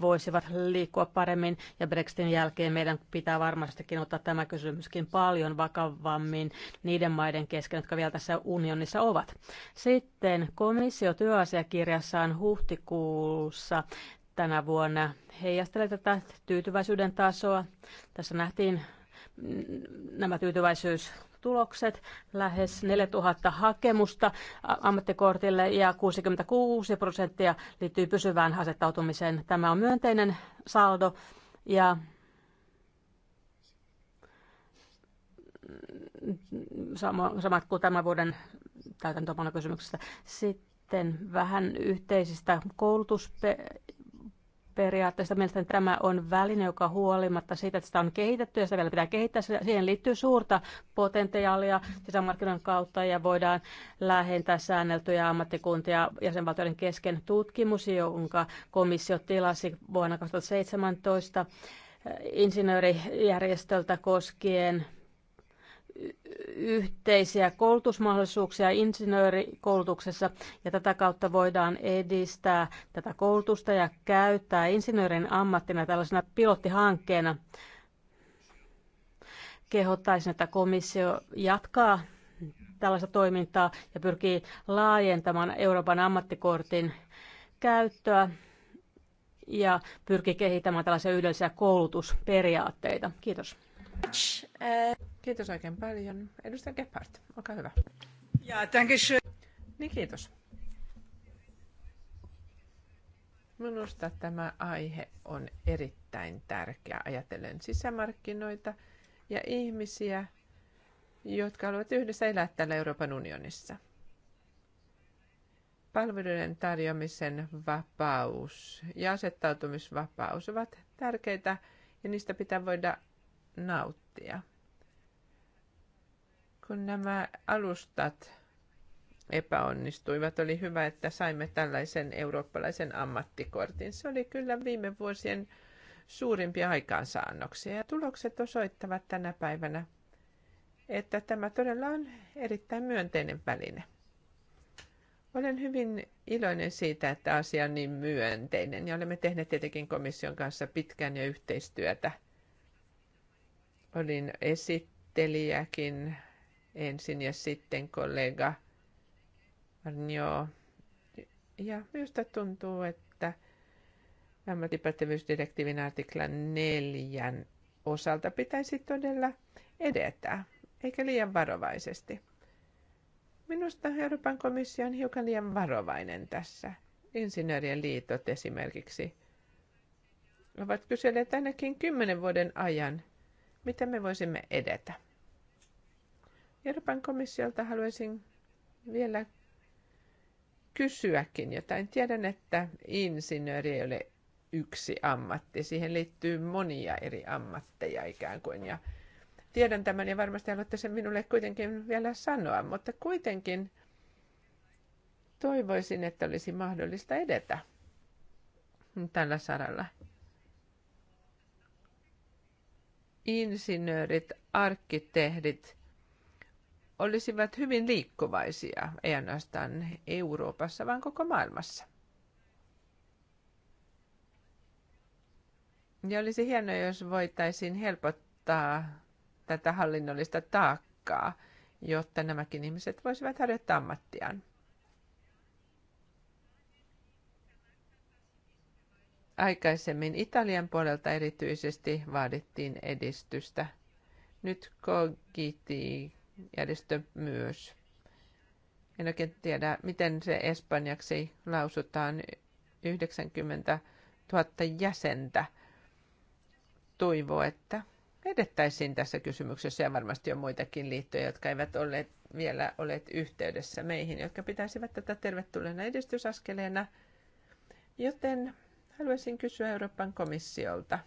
voisivat liikkua paremmin. Ja Brexitin jälkeen meidän pitää varmastikin ottaa tämä kysymyskin paljon vakavammin niiden maiden kesken, jotka vielä tässä unionissa ovat. Sitten komissio työasiakirjassaan huhtikuussa tänä vuonna heijastelee tätä tyytyväisyyden tasoa. Tässä nähtiin nämä tyytyväisyys tulokset, lähes 4000 hakemusta ammattikortille ja 66 prosenttia liittyy pysyvään asettautumiseen. Tämä on myönteinen saldo ja samat kuin tämän vuoden täytäntöpanokysymyksestä. Sitten vähän yhteisistä koulutus- periaatteessa Mielestäni tämä on väline, joka huolimatta siitä, että sitä on kehitetty ja sitä vielä pitää kehittää, siihen liittyy suurta potentiaalia sisämarkkinoiden kautta ja voidaan lähentää säänneltyjä ammattikuntia jäsenvaltioiden kesken tutkimus, jonka komissio tilasi vuonna 2017 insinöörijärjestöltä koskien yhteisiä koulutusmahdollisuuksia insinöörikoulutuksessa ja tätä kautta voidaan edistää tätä koulutusta ja käyttää insinöörin ammattina tällaisena pilottihankkeena. Kehottaisin, että komissio jatkaa tällaista toimintaa ja pyrkii laajentamaan Euroopan ammattikortin käyttöä ja pyrkii kehittämään tällaisia yleisiä koulutusperiaatteita. Kiitos. Kiitos oikein paljon. Edustaja Gephardt, olkaa hyvä. Ja, yeah, Niin, kiitos. Minusta tämä aihe on erittäin tärkeä ajatellen sisämarkkinoita ja ihmisiä, jotka haluavat yhdessä elää täällä Euroopan unionissa. Palveluiden tarjoamisen vapaus ja asettautumisvapaus ovat tärkeitä ja niistä pitää voida nauttia. Kun nämä alustat epäonnistuivat, oli hyvä, että saimme tällaisen eurooppalaisen ammattikortin. Se oli kyllä viime vuosien suurimpia aikaansaannoksia ja tulokset osoittavat tänä päivänä, että tämä todella on erittäin myönteinen väline. Olen hyvin iloinen siitä, että asia on niin myönteinen ja olemme tehneet tietenkin komission kanssa pitkään ja yhteistyötä – Olin esittelijäkin ensin ja sitten kollega Arnio. Ja minusta tuntuu, että ammattipätevyysdirektiivin artiklan neljän osalta pitäisi todella edetä, eikä liian varovaisesti. Minusta Euroopan komissio on hiukan liian varovainen tässä. Insinöörien liitot esimerkiksi ovat kyselleet ainakin kymmenen vuoden ajan – miten me voisimme edetä. Euroopan komissiolta haluaisin vielä kysyäkin jotain. Tiedän, että insinööri ei ole yksi ammatti. Siihen liittyy monia eri ammatteja ikään kuin. Ja tiedän tämän ja varmasti haluatte sen minulle kuitenkin vielä sanoa, mutta kuitenkin toivoisin, että olisi mahdollista edetä tällä saralla. insinöörit, arkkitehdit olisivat hyvin liikkuvaisia, ei ainoastaan Euroopassa, vaan koko maailmassa. Ja olisi hienoa, jos voitaisiin helpottaa tätä hallinnollista taakkaa, jotta nämäkin ihmiset voisivat harjoittaa ammattiaan. Aikaisemmin Italian puolelta erityisesti vaadittiin edistystä. Nyt Cogiti-järjestö myös. En oikein tiedä, miten se espanjaksi lausutaan. 90 000 jäsentä toivoo, että edettäisiin tässä kysymyksessä ja varmasti on muitakin liittoja, jotka eivät ole vielä olleet yhteydessä meihin, jotka pitäisivät tätä tervetulleena edistysaskeleena. Joten Haluaisin kysyä Euroopan komissiolta.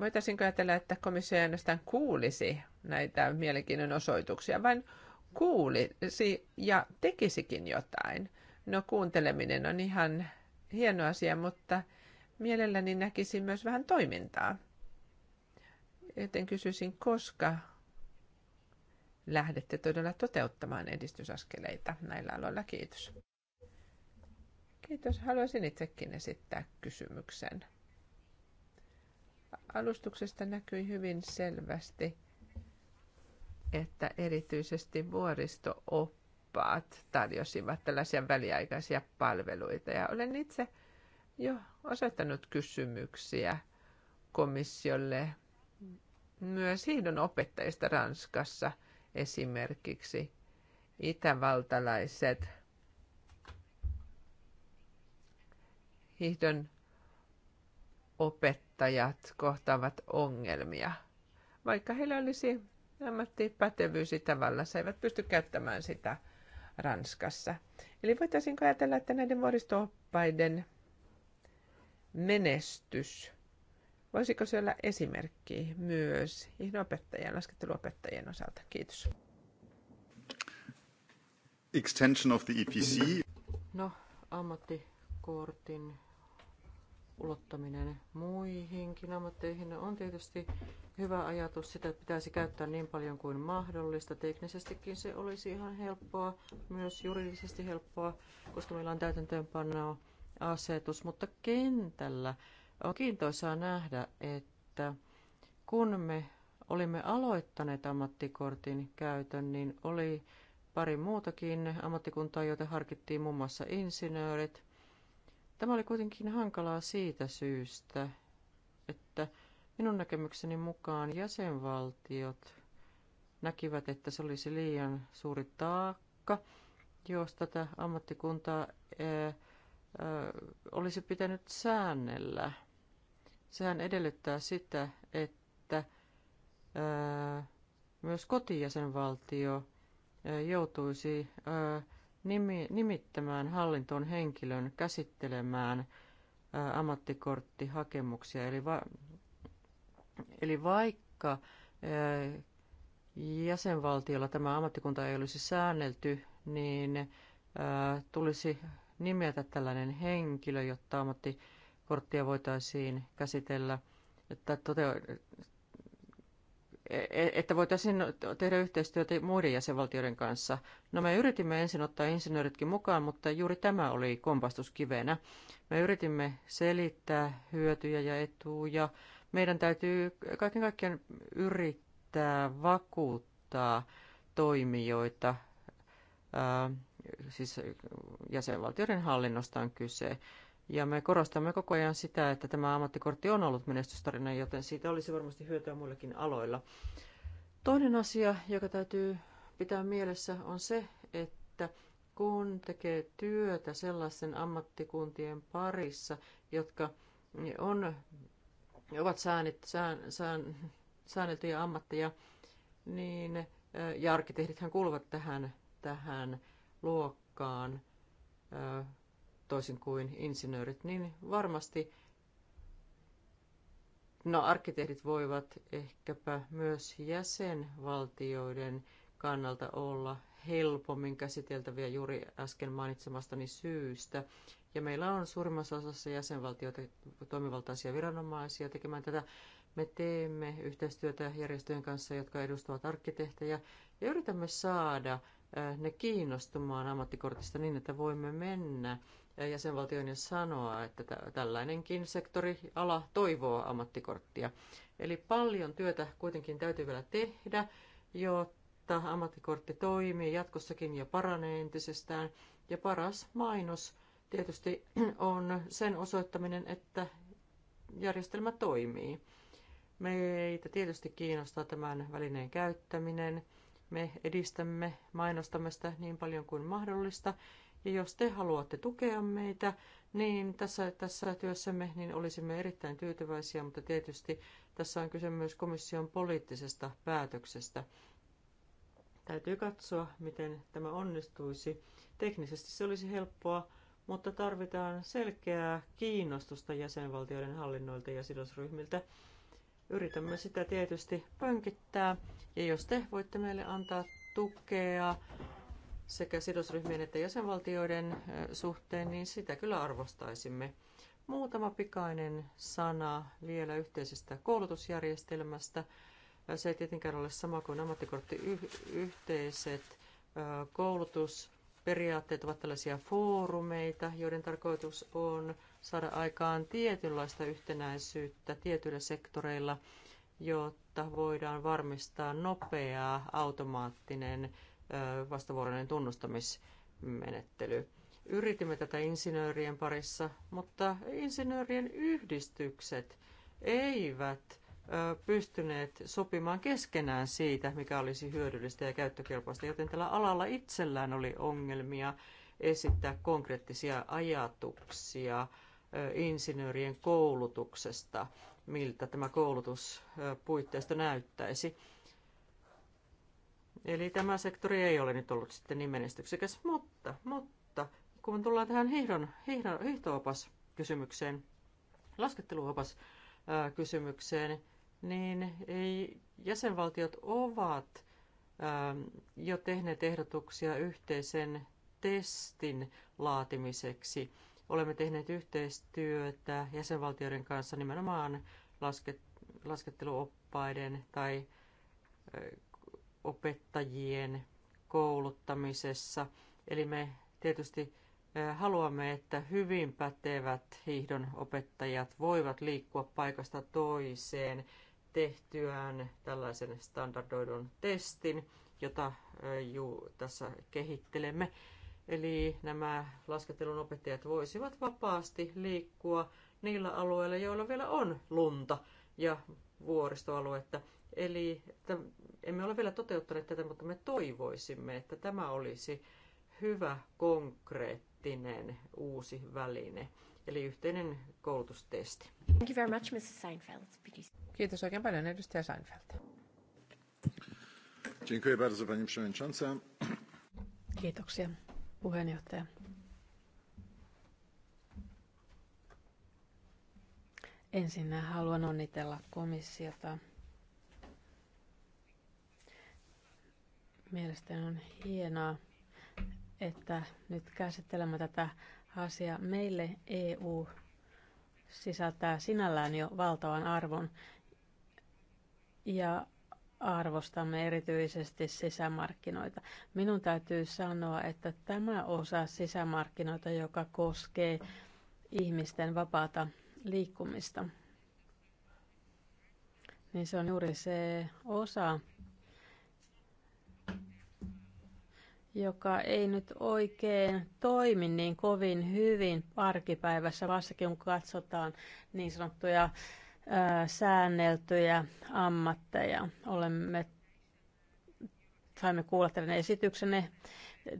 Voitaisinko ajatella, että komissio ei ainoastaan kuulisi näitä mielenkiinnon osoituksia, vaan kuulisi ja tekisikin jotain. No kuunteleminen on ihan hieno asia, mutta mielelläni näkisin myös vähän toimintaa. Joten kysyisin, koska lähdette todella toteuttamaan edistysaskeleita näillä aloilla. Kiitos. Kiitos. Haluaisin itsekin esittää kysymyksen. Alustuksesta näkyi hyvin selvästi, että erityisesti vuoristooppaat tarjosivat tällaisia väliaikaisia palveluita. Ja olen itse jo osoittanut kysymyksiä komissiolle myös hiihdon opettajista Ranskassa – esimerkiksi itävaltalaiset hiihdon opettajat kohtaavat ongelmia. Vaikka heillä olisi ammattipätevyys Itävallassa, eivät pysty käyttämään sitä Ranskassa. Eli voitaisiinko ajatella, että näiden vuoristooppaiden menestys Voisiko siellä esimerkki myös ihdeopettajien, lasketteluopettajien osalta? Kiitos. Extension of the EPC. No, ammattikortin ulottaminen muihinkin ammatteihin on tietysti hyvä ajatus. Sitä pitäisi käyttää niin paljon kuin mahdollista. Teknisestikin se olisi ihan helppoa, myös juridisesti helppoa, koska meillä on täytäntöönpanoa asetus, mutta kentällä on kiintoisaa nähdä, että kun me olimme aloittaneet ammattikortin käytön, niin oli pari muutakin ammattikuntaa, joita harkittiin muun muassa insinöörit. Tämä oli kuitenkin hankalaa siitä syystä, että minun näkemykseni mukaan jäsenvaltiot näkivät, että se olisi liian suuri taakka, jos tätä ammattikuntaa ää, ää, olisi pitänyt säännellä – Sehän edellyttää sitä, että ää, myös kotijäsenvaltio ää, joutuisi ää, nimi, nimittämään hallintoon henkilön käsittelemään ää, ammattikorttihakemuksia. Eli, va, eli vaikka ää, jäsenvaltiolla tämä ammattikunta ei olisi säännelty, niin ää, tulisi nimetä tällainen henkilö, jotta ammattikortti porttia voitaisiin käsitellä, että, tote- e- e- että voitaisiin tehdä yhteistyötä muiden jäsenvaltioiden kanssa. No me yritimme ensin ottaa insinööritkin mukaan, mutta juuri tämä oli kompastuskivenä. Me yritimme selittää hyötyjä ja etuja. Meidän täytyy kaiken kaikkiaan yrittää vakuuttaa toimijoita siis jäsenvaltioiden hallinnosta on kyse. Ja me korostamme koko ajan sitä, että tämä ammattikortti on ollut menestystarina, joten siitä olisi varmasti hyötyä muillakin aloilla. Toinen asia, joka täytyy pitää mielessä, on se, että kun tekee työtä sellaisten ammattikuntien parissa, jotka on, ovat säännit, sään, sään, säänneltyjä ammatteja, niin ja arkkitehdithän kuuluvat tähän, tähän luokkaan, toisin kuin insinöörit, niin varmasti no, arkkitehdit voivat ehkäpä myös jäsenvaltioiden kannalta olla helpommin käsiteltäviä juuri äsken mainitsemastani syystä. Ja meillä on suurimmassa osassa jäsenvaltioita toimivaltaisia viranomaisia tekemään tätä. Me teemme yhteistyötä järjestöjen kanssa, jotka edustavat arkkitehtejä, ja yritämme saada Äh, ne kiinnostumaan ammattikortista niin, että voimme mennä äh, jäsenvaltioon ja sanoa, että tällainenkin sektoriala toivoo ammattikorttia. Eli paljon työtä kuitenkin täytyy vielä tehdä, jotta ammattikortti toimii jatkossakin ja paranee entisestään. Ja paras mainos tietysti on sen osoittaminen, että järjestelmä toimii. Meitä tietysti kiinnostaa tämän välineen käyttäminen – me edistämme, mainostamista niin paljon kuin mahdollista. Ja jos te haluatte tukea meitä, niin tässä, tässä työssämme niin olisimme erittäin tyytyväisiä, mutta tietysti tässä on kyse myös komission poliittisesta päätöksestä. Täytyy katsoa, miten tämä onnistuisi. Teknisesti se olisi helppoa, mutta tarvitaan selkeää kiinnostusta jäsenvaltioiden hallinnoilta ja sidosryhmiltä Yritämme sitä tietysti pönkittää. Ja jos te voitte meille antaa tukea sekä sidosryhmien että jäsenvaltioiden suhteen, niin sitä kyllä arvostaisimme. Muutama pikainen sana vielä yhteisestä koulutusjärjestelmästä. Se ei tietenkään ole sama kuin ammattikorttiyhteiset koulutusperiaatteet ovat tällaisia foorumeita, joiden tarkoitus on saada aikaan tietynlaista yhtenäisyyttä tietyillä sektoreilla, jotta voidaan varmistaa nopea automaattinen vastavuoroinen tunnustamismenettely. Yritimme tätä insinöörien parissa, mutta insinöörien yhdistykset eivät pystyneet sopimaan keskenään siitä, mikä olisi hyödyllistä ja käyttökelpoista, joten tällä alalla itsellään oli ongelmia esittää konkreettisia ajatuksia insinöörien koulutuksesta, miltä tämä koulutus puitteista näyttäisi. Eli tämä sektori ei ole nyt ollut sitten niin menestyksekäs, mutta, mutta kun tullaan tähän hihdon, hihdon, hihtoopas kysymykseen, lasketteluopas kysymykseen, niin ei, jäsenvaltiot ovat jo tehneet ehdotuksia yhteisen testin laatimiseksi Olemme tehneet yhteistyötä jäsenvaltioiden kanssa nimenomaan lasket, lasketteluoppaiden tai opettajien kouluttamisessa. Eli me tietysti haluamme, että hyvin pätevät hiihdon opettajat voivat liikkua paikasta toiseen tehtyään tällaisen standardoidun testin, jota ju tässä kehittelemme. Eli nämä laskettelun opettajat voisivat vapaasti liikkua niillä alueilla, joilla vielä on lunta ja vuoristoaluetta. Eli että emme ole vielä toteuttaneet tätä, mutta me toivoisimme, että tämä olisi hyvä konkreettinen uusi väline, eli yhteinen koulutustesti. Thank you very much, Mrs. Seinfeld. Kiitos oikein paljon, edustaja Seinfeld. Dziękuję bardzo, pani przewodnicząca. Kiitoksia, puheenjohtaja. Ensin haluan onnitella komissiota. Mielestäni on hienoa, että nyt käsittelemme tätä asiaa. Meille EU sisältää sinällään jo valtavan arvon ja arvostamme erityisesti sisämarkkinoita. Minun täytyy sanoa, että tämä osa sisämarkkinoita, joka koskee ihmisten vapaata liikkumista, niin se on juuri se osa, joka ei nyt oikein toimi niin kovin hyvin arkipäivässä, varsinkin kun katsotaan niin sanottuja säänneltyjä ammatteja. Olemme, saimme kuulla teidän esityksenne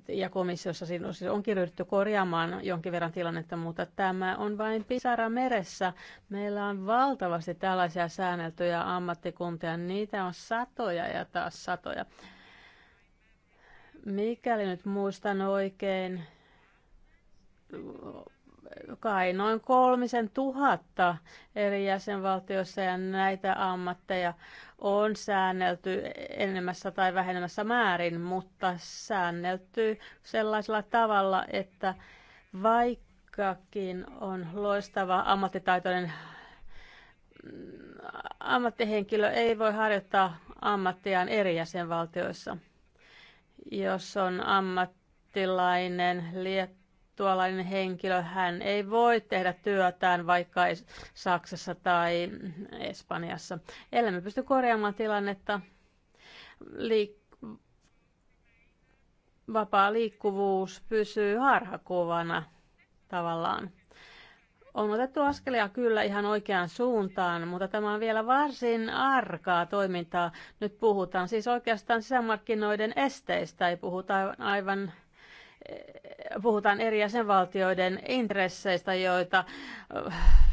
ja komissiossa siinä on siis ryhdytty korjaamaan jonkin verran tilannetta, mutta tämä on vain pisara meressä. Meillä on valtavasti tällaisia säänneltyjä ammattikuntia, niitä on satoja ja taas satoja. Mikäli nyt muistan oikein, kai noin kolmisen tuhatta eri jäsenvaltiossa ja näitä ammatteja on säännelty enemmässä tai vähemmässä määrin, mutta säännelty sellaisella tavalla, että vaikkakin on loistava ammattitaitoinen mm, ammattihenkilö ei voi harjoittaa ammattiaan eri jäsenvaltioissa. Jos on ammattilainen Liet- tuollainen henkilö, hän ei voi tehdä työtään vaikka Saksassa tai Espanjassa. me pysty korjaamaan tilannetta, liik- vapaa liikkuvuus pysyy harhakuvana tavallaan. On otettu askelia kyllä ihan oikeaan suuntaan, mutta tämä on vielä varsin arkaa toimintaa. Nyt puhutaan siis oikeastaan sisämarkkinoiden esteistä, ei puhuta aivan puhutaan eri jäsenvaltioiden intresseistä, joita äh,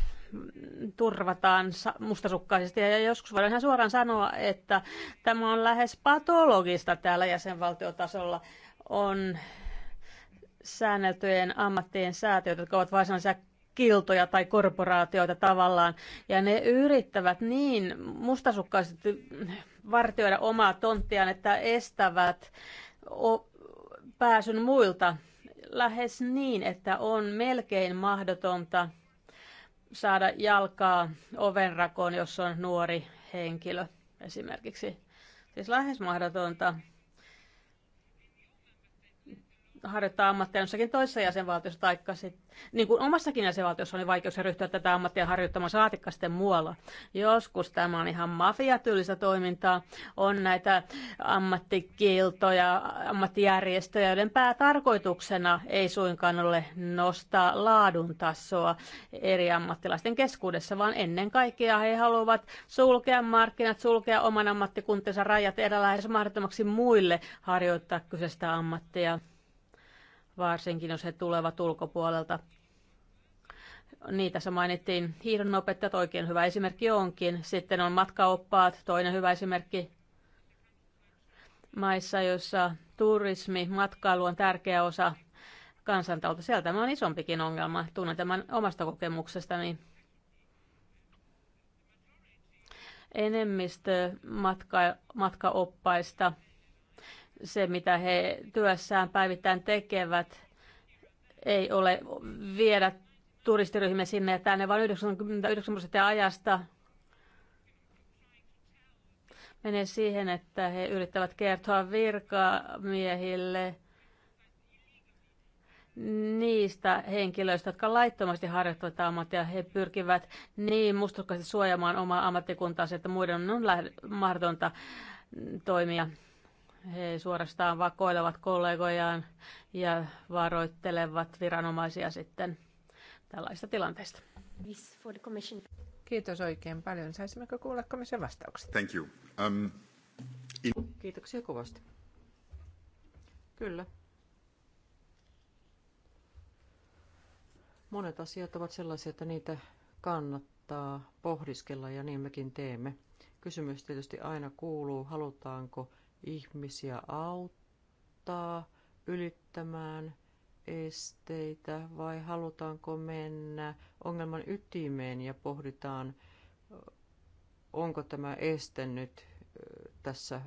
turvataan mustasukkaisesti. Ja joskus voidaan ihan suoraan sanoa, että tämä on lähes patologista täällä jäsenvaltiotasolla. On säänneltyjen ammattien säätiöt, jotka ovat varsinaisia kiltoja tai korporaatioita tavallaan, ja ne yrittävät niin mustasukkaisesti vartioida omaa tonttiaan, että estävät pääsyn muilta lähes niin, että on melkein mahdotonta saada jalkaa ovenrakoon, jos on nuori henkilö esimerkiksi. Siis lähes mahdotonta harjoittaa ammattia jossakin toisessa jäsenvaltiossa, tai niin kuin omassakin jäsenvaltiossa on vaikeus ryhtyä tätä ammattia harjoittamaan saatikka sitten muualla. Joskus tämä on ihan mafiatyylistä toimintaa. On näitä ammattikiltoja, ammattijärjestöjä, joiden päätarkoituksena ei suinkaan ole nostaa laadun tasoa eri ammattilaisten keskuudessa, vaan ennen kaikkea he haluavat sulkea markkinat, sulkea oman ammattikuntensa rajat, edellä edes mahdottomaksi muille harjoittaa kyseistä ammattia varsinkin jos he tulevat ulkopuolelta. Niitä se mainittiin. Hiihdonopettajat oikein hyvä esimerkki onkin. Sitten on matkaoppaat, toinen hyvä esimerkki maissa, joissa turismi, matkailu on tärkeä osa kansantaloutta. Siellä tämä on isompikin ongelma. Tunnen tämän omasta kokemuksestani. Enemmistö matka, matkaoppaista – se, mitä he työssään päivittäin tekevät, ei ole viedä turistiryhmiä sinne ja tänne, vaan 99 prosenttia ajasta menee siihen, että he yrittävät kertoa virkamiehille niistä henkilöistä, jotka laittomasti harjoittavat ammattia. He pyrkivät niin mustukkaasti suojamaan omaa ammattikuntaansa, että muiden on mahdotonta toimia he suorastaan vakoilevat kollegojaan ja varoittelevat viranomaisia sitten tällaista tilanteista. Kiitos oikein paljon. Saisimmeko kuulla komission vastaukset? Thank you. Um, in... Kiitoksia kovasti. Kyllä. Monet asiat ovat sellaisia, että niitä kannattaa pohdiskella ja niin mekin teemme. Kysymys tietysti aina kuuluu, halutaanko ihmisiä auttaa ylittämään esteitä vai halutaanko mennä ongelman ytimeen ja pohditaan, onko tämä este nyt tässä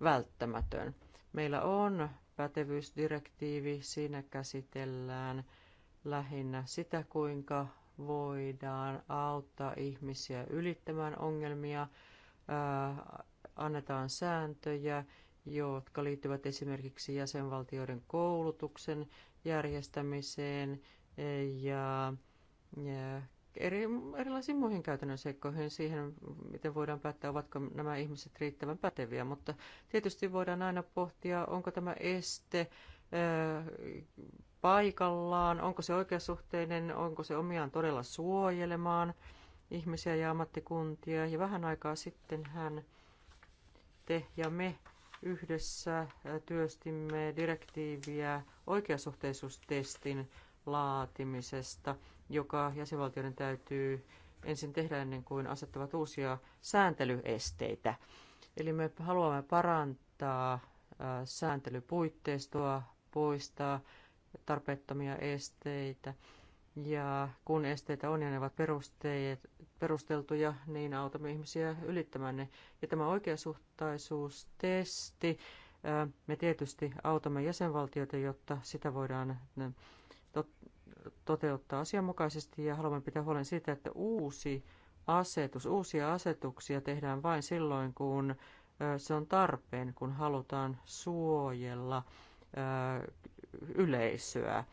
välttämätön. Meillä on pätevyysdirektiivi, siinä käsitellään lähinnä sitä, kuinka voidaan auttaa ihmisiä ylittämään ongelmia, annetaan sääntöjä, jotka liittyvät esimerkiksi jäsenvaltioiden koulutuksen järjestämiseen ja eri, erilaisiin muihin käytännön seikkoihin siihen, miten voidaan päättää, ovatko nämä ihmiset riittävän päteviä. Mutta tietysti voidaan aina pohtia, onko tämä este paikallaan, onko se oikeasuhteinen, onko se omiaan todella suojelemaan ihmisiä ja ammattikuntia. Ja vähän aikaa sitten hän te ja me yhdessä työstimme direktiiviä oikeasuhteisuustestin laatimisesta, joka jäsenvaltioiden täytyy ensin tehdä ennen kuin asettavat uusia sääntelyesteitä. Eli me haluamme parantaa sääntelypuitteistoa, poistaa tarpeettomia esteitä ja kun esteitä on ja ne ovat perusteltuja, niin autamme ihmisiä ylittämään ne. Ja tämä oikeasuhtaisuustesti, me tietysti autamme jäsenvaltioita, jotta sitä voidaan toteuttaa asianmukaisesti ja haluamme pitää huolen siitä, että uusi asetus, uusia asetuksia tehdään vain silloin, kun se on tarpeen, kun halutaan suojella yleisöä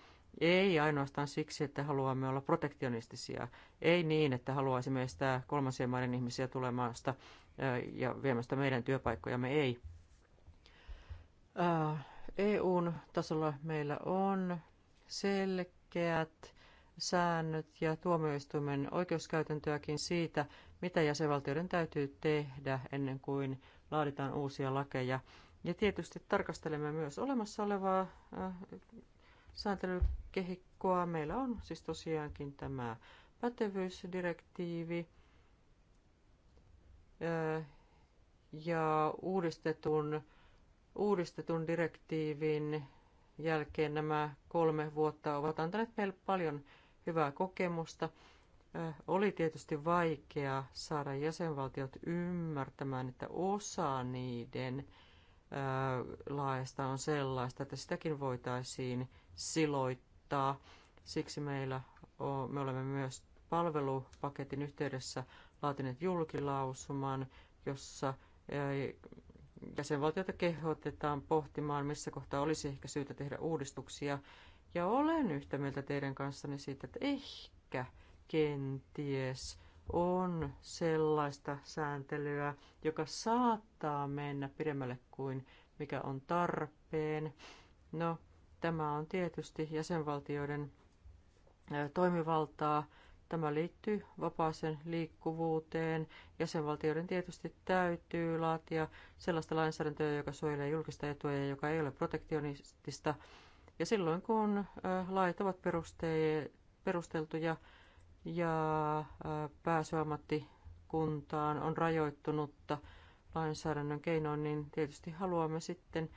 ei ainoastaan siksi, että haluamme olla protektionistisia. Ei niin, että haluaisimme estää kolmansien maiden ihmisiä tulemasta ja viemästä meidän työpaikkojamme. Ei. EUn tasolla meillä on selkeät säännöt ja tuomioistuimen oikeuskäytäntöäkin siitä, mitä jäsenvaltioiden täytyy tehdä ennen kuin laaditaan uusia lakeja. Ja tietysti tarkastelemme myös olemassa olevaa sääntelykehikkoa. Meillä on siis tosiaankin tämä pätevyysdirektiivi eh, ja uudistetun, uudistetun direktiivin jälkeen nämä kolme vuotta ovat antaneet meille paljon hyvää kokemusta. Eh, oli tietysti vaikea saada jäsenvaltiot ymmärtämään, että osa niiden eh, laajasta on sellaista, että sitäkin voitaisiin siloittaa. Siksi meillä on, me olemme myös palvelupaketin yhteydessä laatineet julkilausuman, jossa e, jäsenvaltioita kehotetaan pohtimaan, missä kohtaa olisi ehkä syytä tehdä uudistuksia. Ja olen yhtä mieltä teidän kanssanne siitä, että ehkä kenties on sellaista sääntelyä, joka saattaa mennä pidemmälle kuin mikä on tarpeen. No, Tämä on tietysti jäsenvaltioiden toimivaltaa. Tämä liittyy vapaaseen liikkuvuuteen. Jäsenvaltioiden tietysti täytyy laatia sellaista lainsäädäntöä, joka suojelee julkista etua ja joka ei ole protektionistista. Ja silloin kun lait ovat perusteltuja ja pääsyammattikuntaan on rajoittunutta lainsäädännön keinoin, niin tietysti haluamme sitten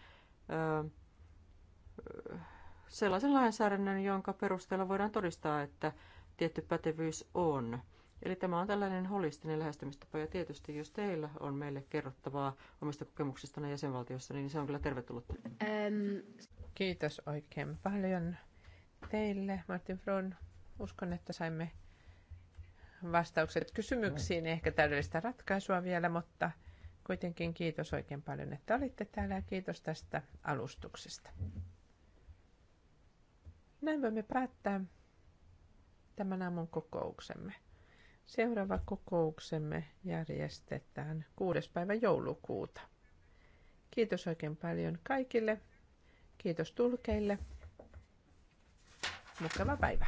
sellaisen lainsäädännön, jonka perusteella voidaan todistaa, että tietty pätevyys on. Eli tämä on tällainen holistinen lähestymistapa ja tietysti jos teillä on meille kerrottavaa omista kokemuksistanne jäsenvaltiossa, niin se on kyllä tervetullut. Ähm. Kiitos oikein paljon teille, Martin Fron. Uskon, että saimme vastaukset kysymyksiin, no. ehkä täydellistä ratkaisua vielä, mutta kuitenkin kiitos oikein paljon, että olitte täällä ja kiitos tästä alustuksesta. Näin voimme päättää tämän aamun kokouksemme. Seuraava kokouksemme järjestetään 6. päivä joulukuuta. Kiitos oikein paljon kaikille. Kiitos tulkeille. Mukava päivä.